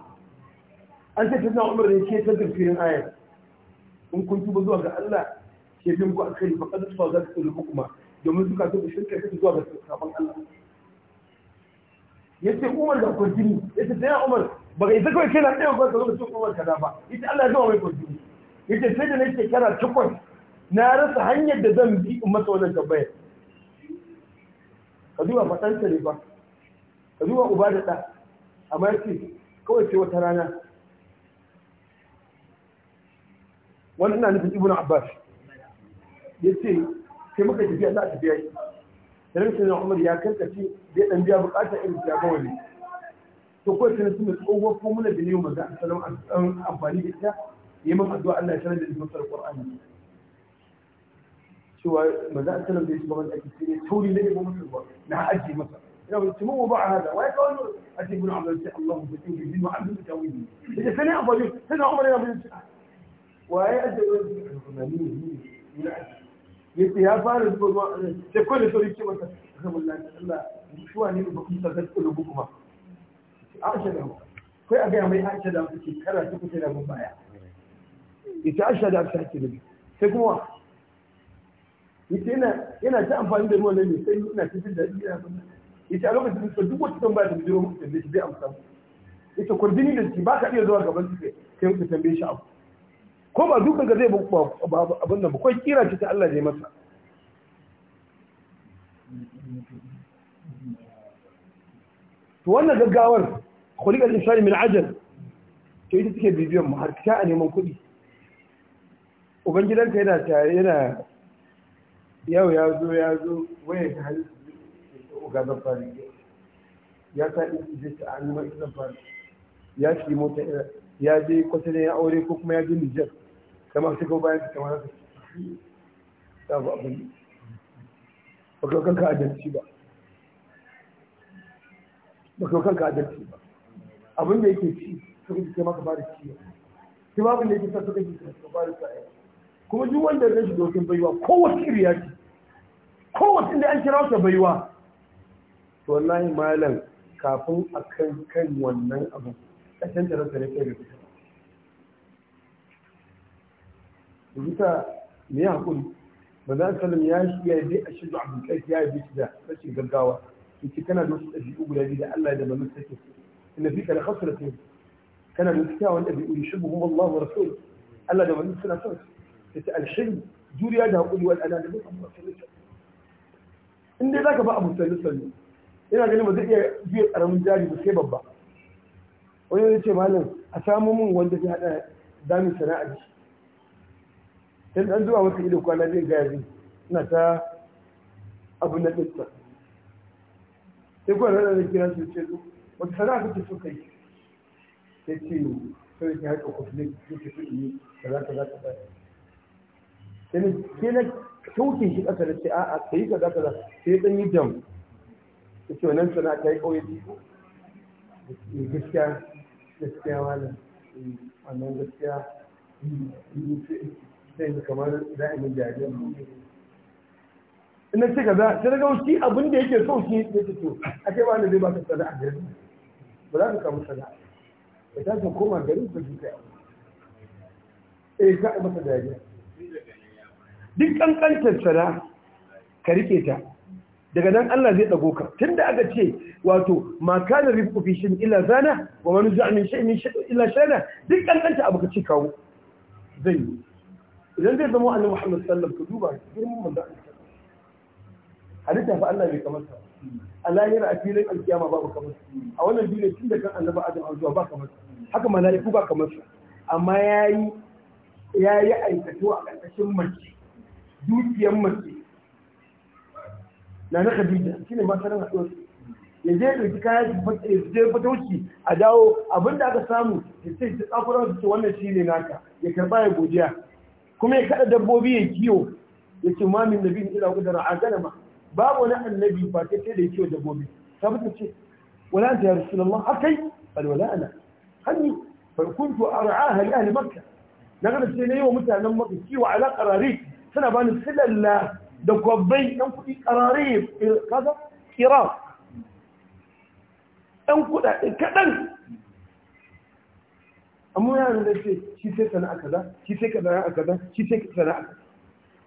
an ce tana Umar ne ke ta tafsirin ayar in kun tuba zuwa ga Allah ke bin ku akai fa qad sabat qulubukuma domin suka tuba shirka take zuwa ga sabon Allah yace Umar da kwantini yace sai Umar ba ga ita kawai kai na ɗaya ba ka zo da cikin Umar kaza ba ita Allah ya zama mai kwantini yace sai da nake kara takwas na rasa hanyar da zan bi in masa wannan tambayar ka duba fatanta ne ba ka duba uba da ɗa amma ya ce kawai ce wata rana wani ina nufin ibn abbas ya ce sai muka tafiya za a tafiya yi sanar sai na umar ya karkace zai ɗan biya bukatar irin ta kawai ne to kawai sai su mai tsohuwar formula da ne yau maza a salon amfani da ita yi mafi addu'a Allah ya sanar da jimin sarar Qur'ani شو ماذا أنت لم يسبق أنك تسيني تحولي لي مو مثل الله نها أجي مثلا لو أنت مو وضع هذا ويقول أجي بن عبد الله الله بسيطة الدين وعبد الله تأويل إذا سنة أفضل سنة عمر يا بن الشيح وهي أجي بن عبد الله يقول يا فارس بن عبد الله يقول لي سوري كيف أخبر الله أخبر الله شو أني بكم تغير قلوبكم أعشى لهم كل أبيع ما يعشى لهم تكرر تكتير أبو بايع يتعشى لهم تكتير أبو بايع yace yana yana ta amfani da ruwan nan ne sai ina cikin da ina sun yace a lokacin da duk wata tambaya da bijiro muku da shi bai amsa yace kurdini da shi ba ka iya zuwa gaban su kai ku tambaye shi abu ko ba dukan ga zai ba abin nan ba kai kira ce ta Allah ne masa to wannan gaggawar khuliqal insani min ajal to ita take bibiyan mu har ta neman kuɗi ubangidanka yana yana yau ya zo ya zo waya ta halittu ga zafari ya sa ɗin ta an yi fari ya shi mota ya je kwata ya aure ko kuma ya je nijar kama su kawo bayan ta kama haka ta ba abin ba ka kanka adalci ba ba ka kanka adalci ba abin da yake ci suka ji kai maka ba da ciwo sai babu da yake sa suka ji kai maka ba da ciwo kuma duk wanda ya shi dokin baiwa kowace iriya ce kowace inda an kira ta baiwa to wallahi malam kafin a kan kan wannan abu ƙashin da rasa ne kai da fita bisa ne hakuri ba za a salam ya shi ya yi a shirin abu kai ya yi shi da rashin gaggawa yake kana da wasu ɗabi'u guda biyu da Allah da manzon take inda fi kana khasratin kana da kyawawan ɗabi'u shi buhu Allah wa rasul Allah da manzon suna son su ita alhilm juriya haƙuri da in dai zaka ba abu sallallahu alaihi ina ganin ba zai iya biya karamin jari ba sai babba wani ya ce malam a min wanda zai hada damin sana'ar shi sai dan zuwa masa ido kwana zai ga yanzu ina ta abu na sai da kira su sana'a so sai na kyauke shi ƙasa da ce a a kai ka zaka za sai ɗan yi jam ta ce wannan suna ta yi ƙauye ci gaskiya gaskiya wala eh, wannan gaskiya eh, sai kamar za a yi jariya ina ce ka za ta daga shi abin da yake so shi ya ce to a kai ba da zai ba ka sana'a a gari ba za ka samu sana'a ya tashi koma garin ka shi kai abu eh ka masa dariya duk kankantar sana ka rike ta daga nan Allah zai dago ka tunda aka ce wato ma kana rizqu fi shay'in illa zana wa man za'a min shay'in illa shana duk kankanta abu ka ce kawo zai yi idan zai zama annabi Muhammad sallallahu alaihi wasallam ka duba girman manzo hadita fa Allah bai kamar sa a lahira a filin alkiyama babu kamar a wannan duniya tun da kan annabi Adam har zuwa ba kamar haka mala'iku ba kamar sa amma yayi yayi aikatu a karkashin mace dukiyar mace na na khadija shi ne masarar haɗuwar ya je ɗauki kayan su je wuce. a dawo abinda aka samu ya ce ta tsakurar su wannan shi ne naka ya karɓa ya godiya kuma ya kaɗa dabbobi ya kiwo ya ce mamin min nabi ila gudana a ganama babu wani annabi ba ta ce da ya kiyo dabbobi ta fita ce wala anta ya lallan akai bal wala ana Hannu, farkuntu kuntu ra'a hali ahli makka na sai ce yi wa mutanen makka kiwo ala qarari suna ba ni filalla da gobbai ɗan kuɗi ƙarare kasa kira ɗan kuɗaɗe kaɗan amma yana da ce shi sai sana'a kaza shi sai sana'a kaza shi sai sana'a kaza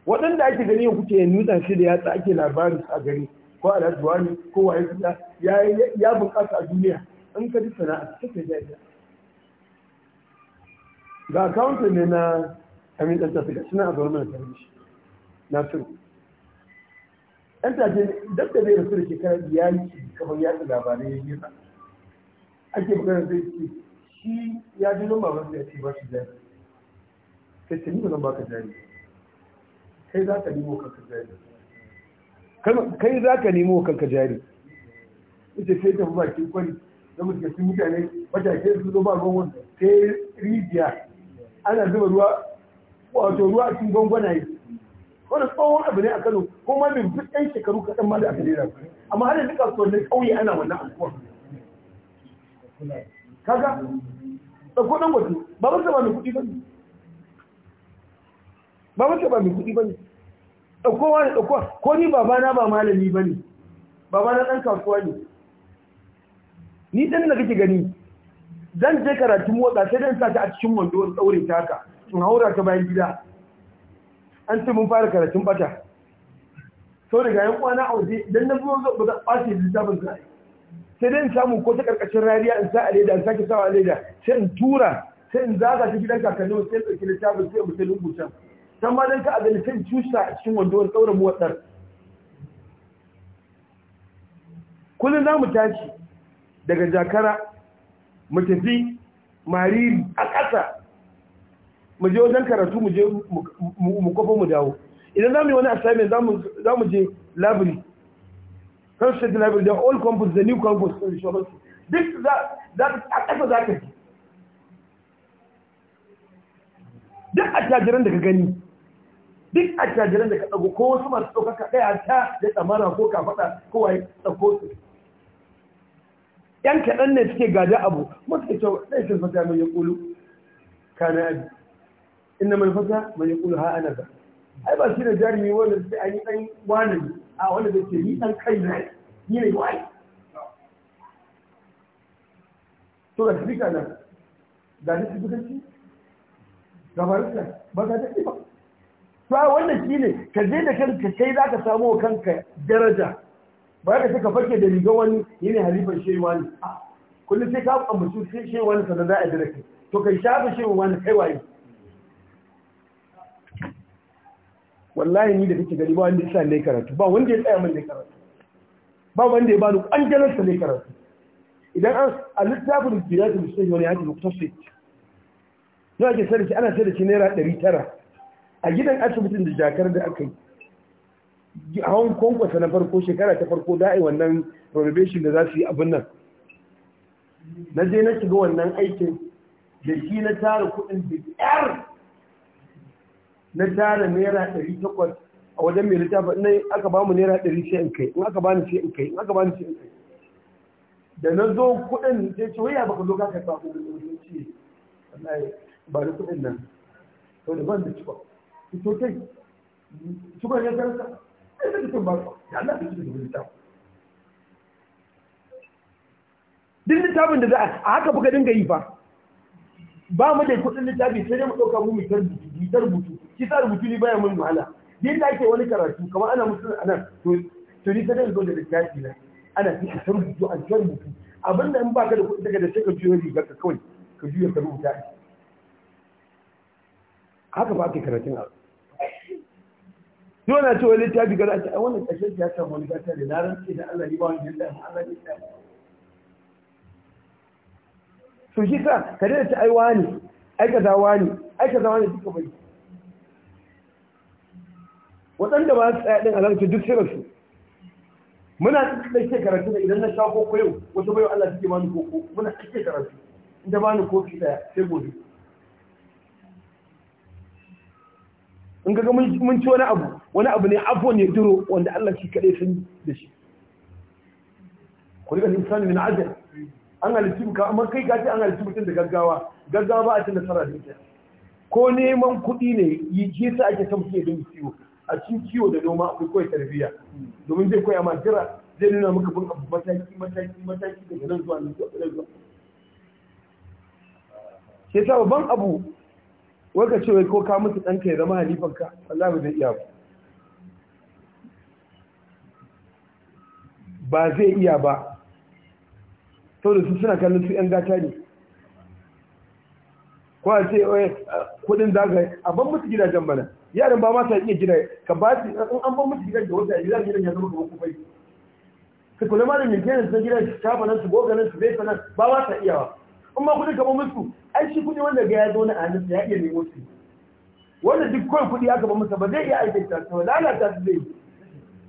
waɗanda ake gani kuke yin nutsa shi da yatsa ake labarin a gari ko a lajuwa ne ko waye kuɗa ya bunƙasa a duniya an ka ji sana'a ta ke jaja ga akawunta ne na amintar ɗan suka suna a zaune na tarihi nasiru ɗan take duk da zai rasu da shekara ya yi kamar ya ci labarai ya yi ake magana zai ce shi ya ji noma wanda ya ce ba shi jari sai ce nan ba ka jari kai za ka nemo kanka jari kai za ka nemo kanka jari ita sai ta bakin kwari da mutum sun mutane matake su zo ba ruwan wanda sai rijiya ana zuba ruwa wato ruwa cikin gwangwanaye wani tsohon abu ne a kano kuma bin duk ɗan shekaru kaɗan ma da aka daina amma har yanzu kasuwannin ƙauye ana wannan abubuwan kaga ɗauko ɗan waje ba ba ba mai kuɗi ba ne ba ba ba mai kuɗi ba ne ɗauko wani ɗauko ko ni babana ba malami ba ne babana ɗan kasuwa ne ni ɗan da kake gani zan je karatun motsa sai dan sa ta a cikin wando in ɗaure ta haka in haura ta bayan gida an ce mun fara karatun bata sau daga yan kwana a waje don na zuwa ba za ɓace littafin sa'a, sai dai in samu ko ta karkashin rariya in sa a leda in sake sawa a leda sai in tura sai in zaga ta gidan kakanni sai in ɗauki littafin sai in mutu lungucan san ma don ka a gani sai cusa a cikin wando wani tsaurin waɗar kullum za mu tashi daga jakara mu tafi mariri a ƙasa mu je wajen karatu mu je mu kofa mu dawo idan za mu yi wani assignment za mu je library kan state library the old campus da new campus da shobansu duk za a ƙasa za ka ji duk attajiran da ka gani duk attajiran da ka tsago ko wasu masu ɗaukaka ɗaya ta da tsamara ko kafaɗa ko waye tsako su ‘yan kaɗan ne suke gada abu masu kyau ɗaya shi fata mai ya kana abu inna man fasa man yaqulu ha ana ba ai ba shi da jarumi wanda sai an yi dan wani a wanda da ke ni dan kai na ni ne wai to da shi kana da ni su kanci gabar ka ba ka da ba wanda wannan shine ka je da kanka kai zaka samu kanka daraja ba ka saka farke da riga wani ne halifar shi wani kullum sai ka ambaci shi wani sanan da a dirake to kai shafa shi wani kai waye wallahi ni da kake gari ba wanda ya sa ne karatu ba wanda ya tsaya min ne karatu ba wanda ya bani kwanjalar sa ne karatu idan an a littafin biyatu musulmi wani yaki muktasit na ake sarki ana sai da shi naira ɗari tara a gidan asibitin da jakar da aka yi a hon kwankwasa na farko shekara ta farko da'i wannan renovation da za su yi abin nan na je na shiga wannan aikin da shi na tara kuɗin da ƙyar na tara naira ɗari takwas a wajen mai littafi na aka ba mu naira ɗari sai in kai in aka bani sai in kai in aka bani sai in kai da na zo kuɗin sai ce waya baka zo ka kai ba kuɗin ce wallahi ba da kuɗin nan to da ban da cikon to kai cikon ya zarta sai da cikin ba da Allah da cikin littafi duk littafin da za a haka buga dinga yi fa ba mu da kuɗin littafi sai dai mu ɗauka mu mu tarbutu kisa sa rubutu ni bayan mun din da ake wani karatu kamar ana musu anan to to ni sai da zo da littafi na ana cikin ta rubutu an ta rubutu abin da in baka da kuɗi daga da sai ka juyo rigar ka kawai ka juya ka rubuta haka ba ake karatun abu yau na wani littafi gara a wannan ƙashin ya samu wani gata da na rantse da Allah ne ba wani yadda Allah ne ta so shi ka ka da ta aiwa ne aika zawa ne aika zawa ne duka bai waɗanda ba su tsaya ɗin alarci duk sai su muna ɗauke karatu da idan na sha koko yau wata bayan Allah take bani koko muna cikin karatu in ta bani kofi ɗaya sai gobe in ga mun ci wani abu wani abu ne abu ne duro wanda Allah shi kaɗai sun da shi ga nisan min ajal an halittu ka amma kai ka ce an halittu mutum da gaggawa gaggawa ba a cin nasara da ita ko neman kuɗi ne yi jisa ake son ke don siyo. ciwo a cikin kiwo da noma akwai kawai tarbiyya domin zai koya ma jira zai nuna maka bin abu mataki mataki mataki daga nan zuwa nan zuwa ke sa babban abu waka ce wai ko ka musu ɗanka ya zama halifanka Allah ba zai iya ba ba zai iya ba sau da su suna kallon su ƴan gata ne ko a ce kudin zagaye a ban musu gidajen bana yaran ba ma sa iya gina ka ba su in an ban musu gidan da wata gidan gidan ya zama kamar kufai ka kula ma da maintenance na gidan su shafa nan su goga nan su bai sanan ba ma sa iyawa in ma kudin kamar musu ai shi kudi wanda ga ya zo na anan ya iya nemo su wanda duk kawai kudi aka ba masa ba zai iya aikata su lalata su zai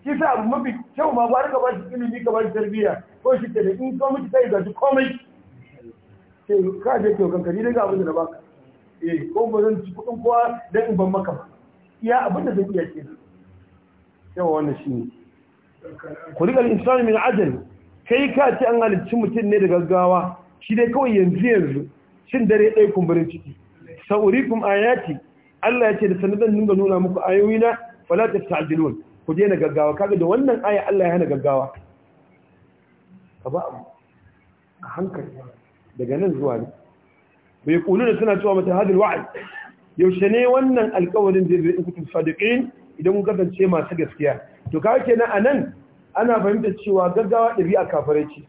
shi sa abu mafi kyau ma ba ka ba shi ilimi ka ba shi tarbiyya ko shi ta da in ka mutu sai ga shi komai sai ka je kyau kankani daga abin da na baka eh ko ba zan ci kudin kowa dan in ban maka ba gaskiya abinda zai iya ce yawa wannan shi ne kulikar insani mai ajal kai ka ce an halicci mutum ne da gaggawa shi dai kawai yanzu yanzu shin dare ɗaya kumburin ciki saurikum ayati Allah ya ce da sanadar nuna nuna muku ayoyina fala tasta'jilun ku je na gaggawa kaga da wannan aya Allah ya hana gaggawa ka ba a hankali daga nan zuwa ne bai kulu da suna cewa mata hadin wa'ad yaushe ne wannan alkawarin zai in kuntum sadiqin idan kun kasance masu gaskiya to kawo nan anan ana fahimtar cewa gaggawa ɗabi'a a ce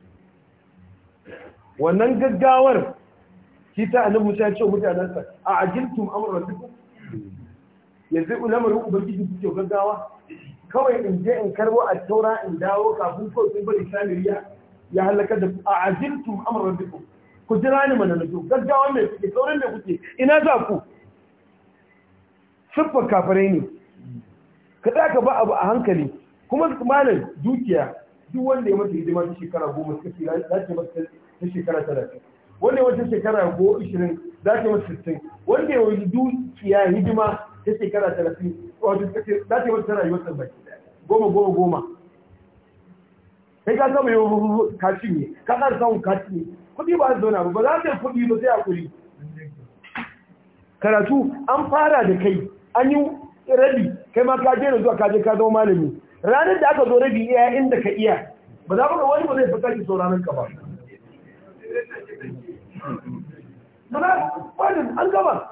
wannan gaggawar shi ta annabi musa ya ce mutanensa a ajiltum amra duk yanzu lamarin ubangiji kuke gaggawa kawai in je in karbo a taura in dawo kafin kawai sun bari samiriya ya halaka da a ajiltum amra duk ku jira ni mana na gaggawa mai kuke saurin mai kuke ina za ku siffar kafirai ne ka ka ba abu a hankali kuma su malam dukiya duk wanda ya mata hidima ta shekara goma suka ce za ta mata ta shekara talatin wanda ya mata shekara goma ishirin za ta mata sittin wanda ya wani dukiya hidima ta shekara talatin wato za ta mata tana yi wata baki goma goma goma sai ka sama yau ka cinye ka ƙara samun ka ne. kuɗi ba su zauna ba za ta yi kuɗi ba sai a kuɗi karatu an fara da kai an yi rabi kai ma ka je zuwa kaje ka zama malami ranar da aka zo rabi iya inda ka iya ba za ga wani ba zai fita ki ranar ka ba mana malin an gaba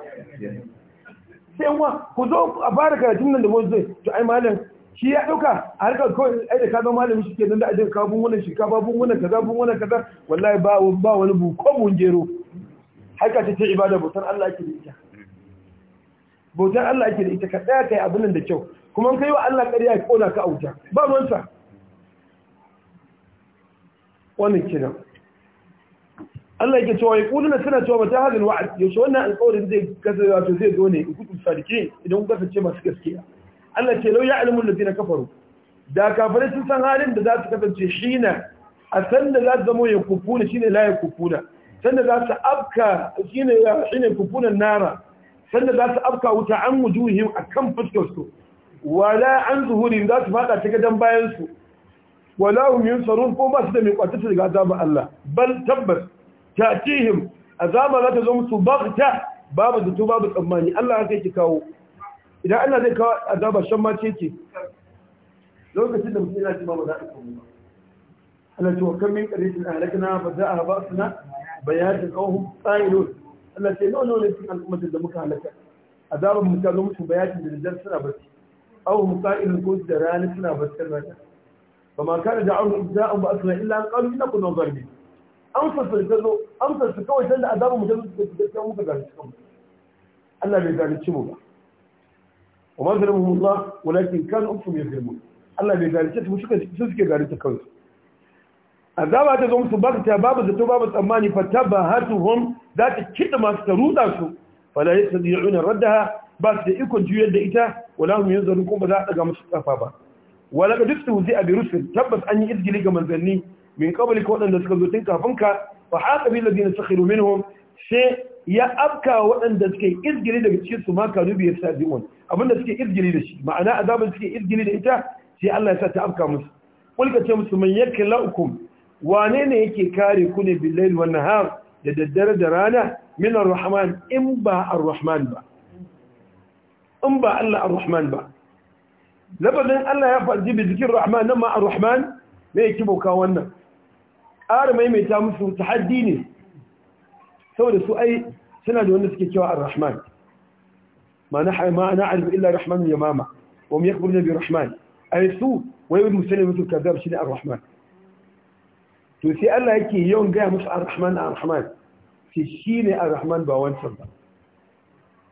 sai wa ku zo a fara karatun nan da mu zai to ai malam shi ya dauka a harkar kawai ai da ka zama malami shi ke nan da wannan shi ka shinkafa wannan kaza wannan kaza wallahi ba wani bu ko bungero gero ce ce ibada san Allah ake da bautar Allah ake da ita ka tsaya kai abin da kyau kuma in kai wa Allah ƙarya ya kona ka auta ba mansa wannan kenan Allah yake cewa yaquluna suna cewa mata hadal wa'd yaushe wannan alƙawarin zai kasance wato zai zo ne in kudu sadiki idan kuka kasance masu gaskiya Allah ce lau ya'lamu na kafaru da kafirai sun san halin da za su kasance na a san da za su zamo ya kufuna shine la ya kufuna san da za su afka shi ne kufunan nara sanda za su afka wuta an a kan fuskarsu wala an zuhurin za su fada ta gadon bayansu. wala hum yunsarun ko ba su da mai kwatata daga azabar Allah bal tabbas ta tatihim azaba za ta zo musu ta babu zato babu tsammani Allah haka yake kawo idan Allah zai kawo azabar shan ma ce ce lokacin da mutum yana jima ba za a kawo ba Allah ce wa kan min ba za a za'a ba'suna bayatan aw hum qa'ilun Allah ce nawa nawa ne cikin al'ummatin da muka halaka azaban mu ta zo musu bayanin da daddar suna barci aw mu ka musa'ilun ko da rana suna barcin rana ma kana da an za'an ba asra illa an qalu innakum nazarbi an fa fasirka zo an fa fasirka kawai dan azaban mu ta zo da muka ga cikin Allah bai gani mu ba Allah وما ظلمهم الله ولكن كانوا أنفسهم يظلمون الله بيغالي suke gani غالي kansu azaba ta zo musu ba ta babu zato babu tsammani fa tabahatuhum za ta kida masu ta ruda su fala yastadi'una raddaha ba su da ikon juyar da ita wala hum yanzurun kuma za a daga musu kafa ba wala ka dukkan wuzi a birusul tabbas an yi izgili ga manzanni min qabli ka waɗanda suka zo tun kafin ka fa haqa bil ladina sakhiru minhum sai ya afka waɗanda suke izgili daga cikin su ma kanu bi yasadimun abinda suke izgili da shi ma'ana azabin suke izgili da ita sai Allah ya sa ta afka musu Kulka ce musu man yaklaukum wane ne yake kare ku ne billahi wan nahar da daddare da rana min ar-rahman in ba ar-rahman ba in ba Allah ar-rahman ba labadin Allah ya farji bi zikir rahman nan ma ar-rahman me yake boka wannan ƙara maimaita musu tahaddi ne saboda su ai suna da wanda suke cewa ar-rahman ma na ma na arif illa ar rahman yamama wa mu yakbur nabi ar rahman ai su wayu yuridu muslimu kadhab shi ar-rahman to sai Allah yake yawan gaya musu ar-rahman ar-rahman sai ne ar-rahman ba wancan ba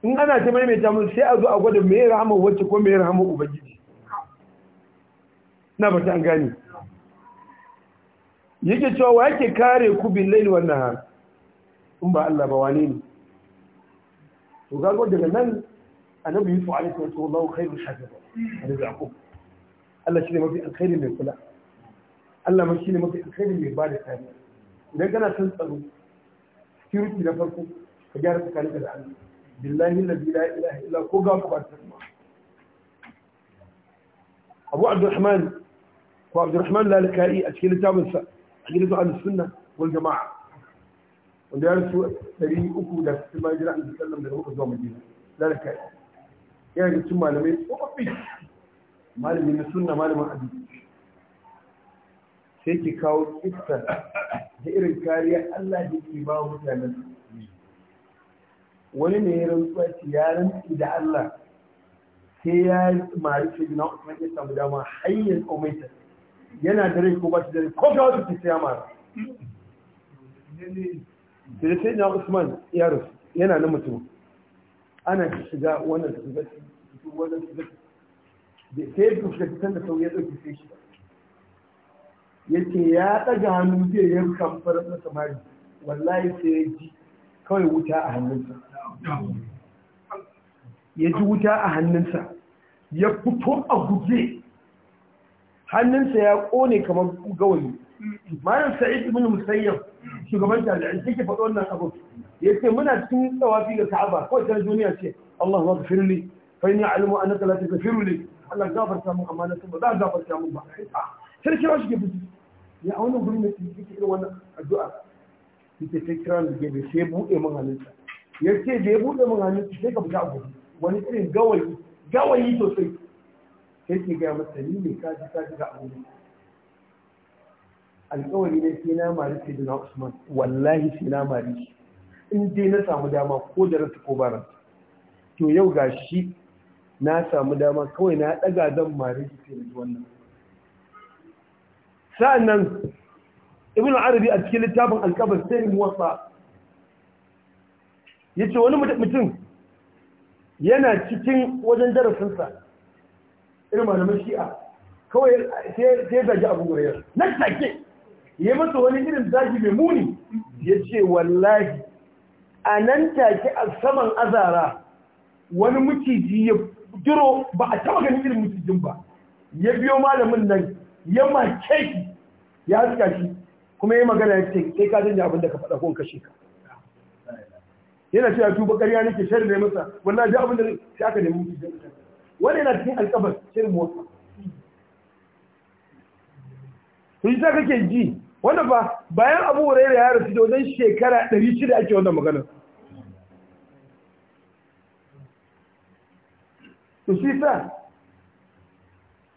in ana ta maimaita musu sai a zo a gwada me rahama wacce ko me rahama ubangiji na ba ta an gane yake cewa wa yake kare ku bil laili wan nahar in ba Allah ba wane ne to ga gwada daga nan annabi Yusuf alaihi salatu wallahu khairul hafiz annabi Yaqub Allah shi ne mafi alkhairi mai kula Allah ma shine mafi alkhairi mai ba da kariya idan kana son tsaro security na farko ka gyara tsakaninka da Allah billahi la ilaha illa ko ga ku ba ta Abu Abdurrahman ko Abdurrahman Lalaka'i a cikin littafin sa a cikin littafin sunna wal jama'a wanda ya rasu 300 da su ma jira an sallam daga muka zuwa Madina Lalaka'i yana da cikin malamai tsofaffi malamin sunna malamin hadisi sai ki kawo kistan da irin kariya Allah da ke ba mutanen wani ne ya rantsuwa ce ya rantsi da Allah sai ya mari shi na Usman ya samu dama hayyar omaita yana da rai ko ba shi da rai ko ga wata ce ya mara da sai na Usman ya rasu yana na mutum ana shiga wannan shiga wannan shiga sai ya shiga da sauya ɗauki sai shiga yake ya ɗaga hannu zai yi kamfar na samari wallahi sai ya ji kawai wuta a hannunsa ya ji wuta a hannunsa ya fito a guje hannunsa ya ƙone kamar gawayi malam sa'id ibn musayyab shugaban jami'ai take faɗo wannan abu yace muna cikin tsawafi ga ka'aba ko ta duniya ce Allah ma gafir li fa inni a'lamu annaka la taghfiru li Allah gafarta mun amma na san ba za gafarta mun ba sai kira shi ke ya a guri na ciki yake irin wannan addu'a yake ta kira da gebe sai buɗe min halinta ya ce da ya buɗe min halinta sai ka fita a gudu wani irin gawayi gawayi sosai sai ke gaya masa ni ne ka ji ka ji ga abu alƙawari ne sai na mari sai da na usman wallahi sai na mari shi in dai na samu dama ko da rasa ko bara, to yau ga shi na samu dama kawai na ɗaga zan mari sai da wannan sa'annan ibn arabi a cikin littafin alkabar sai muwatsa ya ce wani mutum yana cikin wajen darasinsa irin malamin shi'a kawai sai ya zagi abu yau. nan take ya masa wani irin zagi mai muni ya ce wallahi a nan take a saman azara wani mutiji ya duro ba a taba ganin irin micijin ba ya biyo malamin nan ya mace shi ya haska shi kuma ya magana ya ce kai ka janye abin da ka faɗa ko kashe ka yana cewa tuba ƙarya nake sharri ne masa wallahi ji abin da sai aka nemi mutu wani yana cikin alƙabar shirin motsa to yi sa kake ji wanda ba bayan abu wurare ya rasu da wajen shekara 600 ake wannan magana to shi sa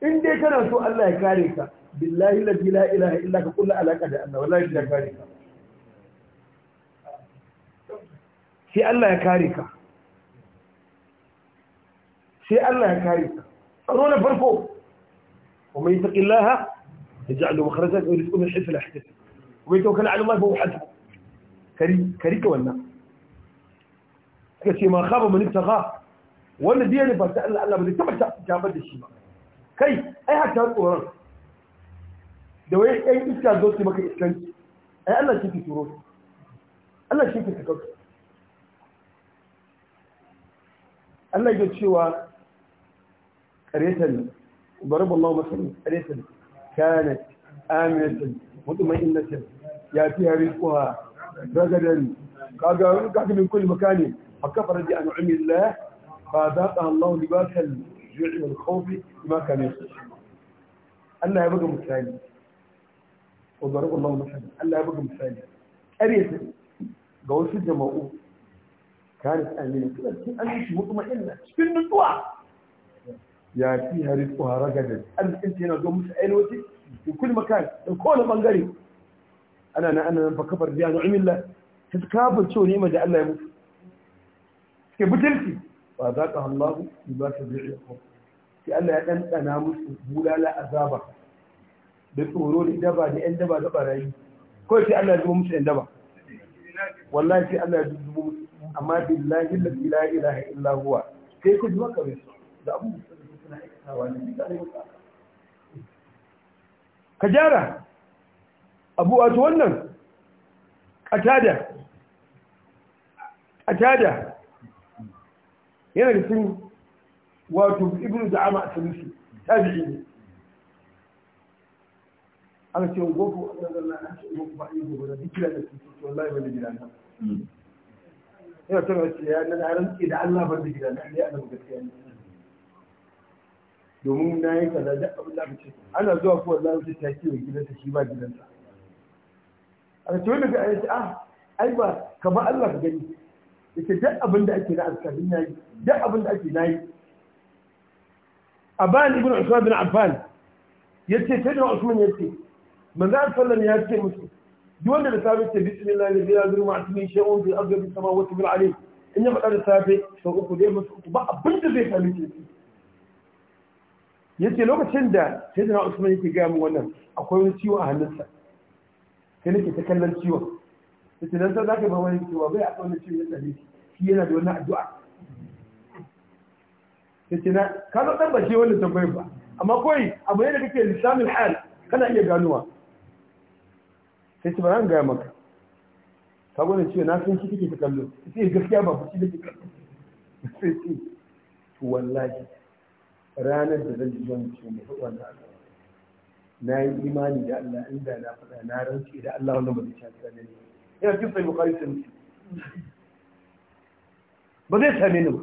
in dai kana so Allah ya kare ka billahi la ilaha illa ka kullu alaka da Allah wallahi ya kare ka sai Allah ya kare ka sai Allah ya kare ka tsaro na farko ومن يتق الله يجعل له مخرجا ويرزقه من حيث لا يحتسب ومن يتوكل على الله فهو حسبه كريك ولا كشي ما خاب من ابتغاه ولا دي ne ba ta Allah Allah ba zai taba ta jabar da shi ba kai ai hatta tsoron da wai ɗan iska zo su maka iskanci ai Allah shi ke turo Allah shi ke sakauki Allah ya cewa ƙaretan bari ballahu masalin ƙaretan kanat aminatan mutumainatan ya fi rizquha ragadan kaga kaga min kulli makani fa kafara bi an'ami Allah fa zaqa Allah libasal juyar imar kofi ima ka ne su Allah ya buga misali ko zara ƙullon misali Allah ya buga misali ƙare ga wasu jama'u kare su amini kuma an yi shi mutuma inna cikin ya fi hari ko hara gajar an yi yana zo musu ainihoti in kuli makan in kowane bangare ana na ana nan fakafar biya na umilla ta kafin cewa ne da Allah ya mutu suke butulci ba za ka hallahu ba ta zai sai Allah ya ɗanɗana musu bulala azaba da tsoro da daba da ‘yan daba da ɓarayi kawai sai Allah ya zuba musu ‘yan daba wallahi sai Allah ya zubo musu amma billahi la ilaha ilaha illa huwa sai ku zuwa kare su da abu da suna aikatawa ne ka gyara abu wato wannan katada katada yana da cikin wato ibnu da'ama a sanusi biyu ne aka ce gofu a ɗan na, an ce gofu ba a yi gobe da duk da su ce wallahi ban da gida na yana ta mace ya nan a rantse da Allah ban da gida na ne ana gaskiya ne domin na yi kaza da abin da aka ana zuwa ko wallahi sai ta gidan gidansa shi ba gidan gidansa a ce wanda ka ce ah ai ba kamar Allah ka gani yake duk abin da ake na azkarin yayi duk abin da ake nayi aban ibn usman bin affan yace sai da usman yace manzo sallallahu ya ce musu duk wanda da safe ce bismillah ne ya zurma asmi shay'un bi ardi bis samawati bil alim in ya faɗa da safe sau uku dai musu uku ba abin da zai sami ce yace lokacin da sai da usman yake ga mu wannan akwai wani ciwo a hannunsa sai nake ta kallon ciwon ita dan sai zaka ba wani cewa bai a wannan ciwon ya tsare shi yana da wannan addu'a yace na ka ga dan ba wannan tambayar ba amma koi abu ne da kake lisanul hal kana iya ganuwa. sai ce ba gaya maka ka gwada ce na san shi kike ta kallo sai eh, gaskiya ba fushi da kike sai ce to wallahi ranar da zan ji wani ciwo mai faɗa da Allah na yi imani da Allah inda na faɗa na rantsi da Allah wannan ba zai shafi ranar ne yana cikin sai bukari sai musu ba zai same ni ba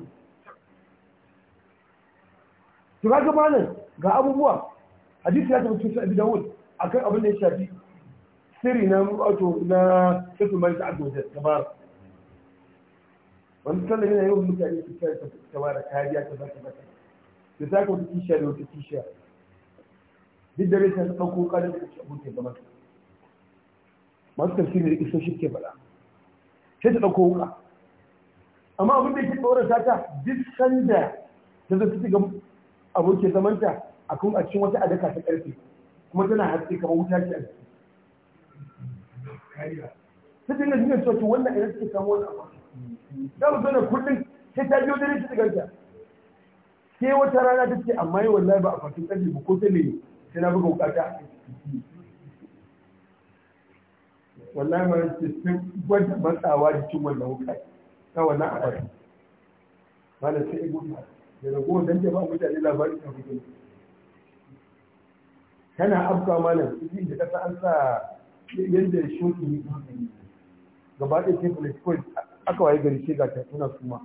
ki ba ga nan ga abubuwa hadisi ya tabbata sai abi dawud akan abin da ya shafi sirri na wato na sirrin mai ta addu'a ta tabar wani sallah yana yawan mutane su kai ta tabara kariya ta ba zaka da ta ka wata kishiya da wata kishiya duk da rai ta ɗauko ƙarin da ta ce abokin gaba ta masu ne da shi ke faɗa sai ta ɗauko wuka amma abin da ke tsoron ta duk da ta zai ta ga abokin zamanta a kuma a cikin wata adaka ta ƙarfe kuma tana hatsi kamar wuta ce a ciki ta dinga jini cewa to wannan idan suke samu wani abu Ta mu zauna kullum sai ta biyo dare ta ganta sai wata rana ta ce amma yi wallahi ba a fatin ƙarfe ba ko ta ne sai na buga wukata a ciki wallahi ma yace sun gwada matsawa jikin wannan wuka ta wannan abin malam sai ibu da rago dan jama'a mutane labarin ta hukum kana afka malam shi da kasa an sa yanda shoki gaba ɗaya sai ko aka waye gari ce ga ta suna suma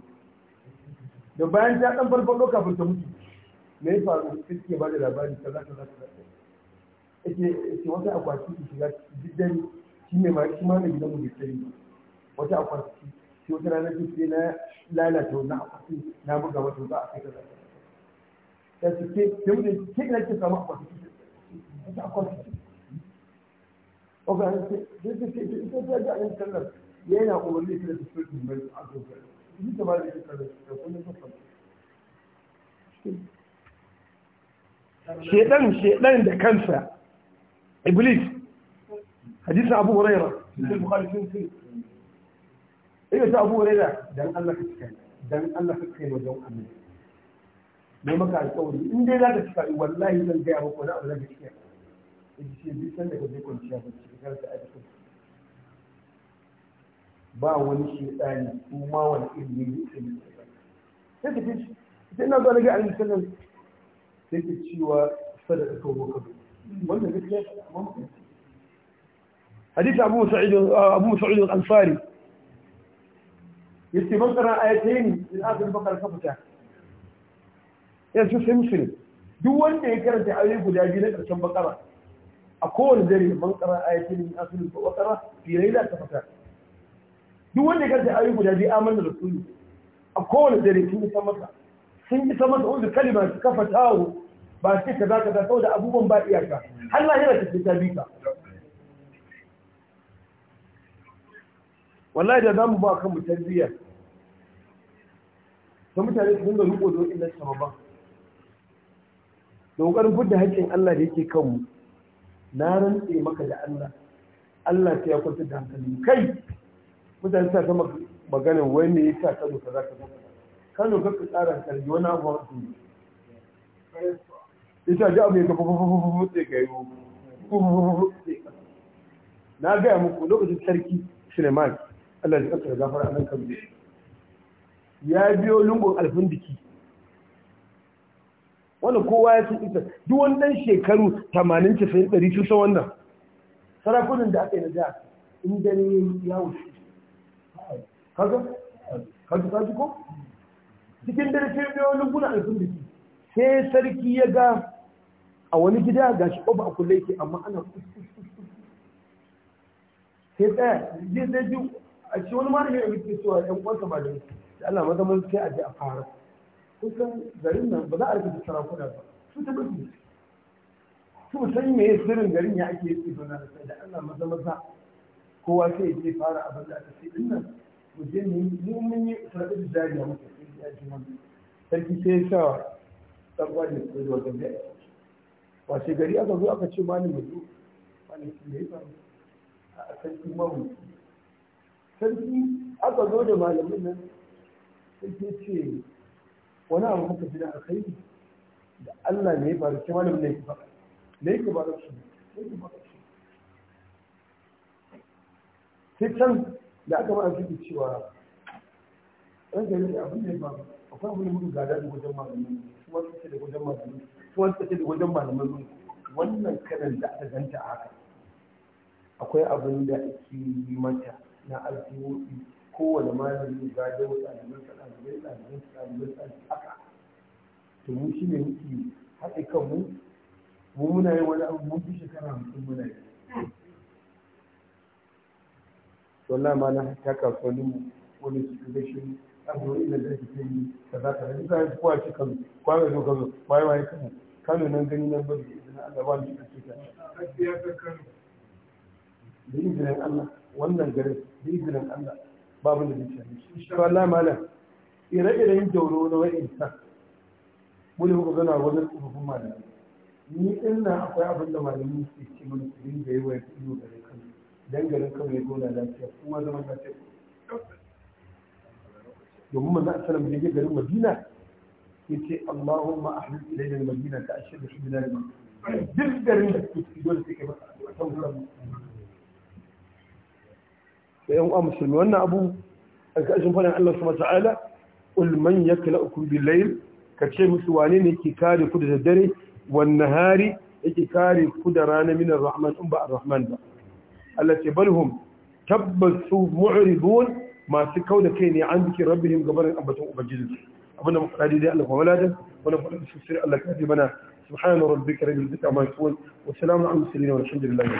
da bayan ta dan farfado kafin ta mutu me ya faru suke ba da labari kaza kaza kaza ake wata akwati shiga gidan shi ne ma shi ma ne gidan mu bai sani wata akwati shi wata rana ce sai na lalata wannan akwati na buga wata za a kai ta zaka da su ke mu mutum ke ina ke samu akwati wata akwati oga an ce zai ce ce ita ta ji a yin sallar yana umarni ta da su ke mai a ni ta ma da ita sallar da ne ta sallar shedan shedan da kansa iblis حديث أبو هريرة المخالفين فيه أيها أبو هريرة دان الله كتكين دان الله كتكين وجو أمن لما قال قولي إن دي لا تتكين والله إذن جاء أبو هريرة ولا تتكين إذا شيء دي سنة قد يكون شيء أبو هريرة با وني شيء ثاني وما وان ابن لي في المسجد sai ina zuwa daga alimin sanar sai ta ciwa sadaka ko bukatu wanda gaskiya a mamakon hadith abu sa'id abu sa'id al-ansari yace man qara ayatayn min akhir baqara kafuta yace duk wanda ya karanta ayoyi guda biyu na karshen baqara a kowane dare man qara ayatayn min akhir baqara fi layla kafuta duk wanda ya karanta ayoyi guda biyu amanna rasulu a kowane dare sun isa masa sun isa masa wanda kalima su kafa tawo ba saboda abubuwan ba iyaka Allah yana tafi ta bika wallahi da zamu ba kanmu tarbiyya to mutane su dinga riko da wa'annan sababan da kokarin fudda haƙƙin Allah da yake kanmu na rantse maka da Allah Allah sai ya kwanta da hankali kai mutane sa ta magana wai me yasa ka zo kaza kaza kano ka tsara karbi wani abu wa su ita ji abu ya kafa fufufufu na gaya muku lokacin sarki suleiman Allah ya kasa gafara nan kan ya biyo lungun alfindiki wannan kowa ya san ita duk wani dan shekaru 80 90 sun san wannan sarakunan da aka yi na da in da ne ya wuce kaga kaji ko cikin dare sai biyo lungunan alfindiki sai sarki ya ga a wani gida ga shi ba a kulle yake amma ana sai tsaya zai zai a ce wani malami ya muke cewa ɗan kwanta ba da da Allah maza mun sai a je a fara Kusan san garin nan ba za a rika sarakuna ba su ta bazu su san me sirrin garin ya ake yi na sai da Allah maza maza kowa sai ya je fara abin da aka ce din mu je mu mun yi da jariya muka sai ya ji mun sarki sai ya sa dan uwa ne ko da wannan da washe gari aka zo aka ce malami zo malami ne ya faru a sarki mamu sarki aka zo da malamin nan ke ce wani abu muka jira a kai, da Allah ne ya faru ke malamin ne ya faru ne ya faru shi ne ya faru shi sai can da aka ma'a ciki cewa ɗan gari yi abin da ya faru akwai abin da muka gada da wajen malamin su wasu ce da wajen malamin su wasu ce da wajen malamin wannan kanan da aka ganta a haka akwai abin da ake yi mata na alfiwofi kowane malami ga da wasu ɗaliban sa ɗalibai ɗaliban sa ɗaliban sa haka to mu shi ne muke haɗe kan mu muna yi wani abu mun fi shekara hamsin muna yi wallahi ma na ta kasuwanni wani su ga shi abu ina zai take yi da za ka rage ka yi kowa ce kan kwanar zo kan waye waye kan kano nan gani nan bari idan Allah ba ni ka ce ta da izinin Allah wannan garin da izinin Allah babu da zuciya ne shi Allah malam ire-iren jauro na wa'in ta. muli ku zana wajen tsofaffin malamai ni ina akwai abin da malamin ke ce mana su dinga yi wa ya fi ido garin kan dan garin kan ya zauna lafiya kuma zaman lafiya domin manzo a salam da garin madina ya ce allahumma ahlis ilayna madina ta ashhadu an la ilaha illa anta duk garin da suke dole sai kai masa addu'a da yan uwa musulmi wannan abu a ƙarshen fadin Allah subhanahu ta'ala ya man yakla'ukum bil layl ka ce musu wane ne yake kare ku da daddare wan nahari yake kare ku da rana min rahman in ba rahman ba Allah ce balhum tabbasu mu'ridun masu kau da kai ne an biki rabbihim gabarin ambaton ubangiji abinda mu faɗa dai Allah kuma waladan wannan faɗa su sirri Allah ka ji mana subhana rabbika rabbil izzati amma yasifun wa salamun alal mursalin walhamdulillahi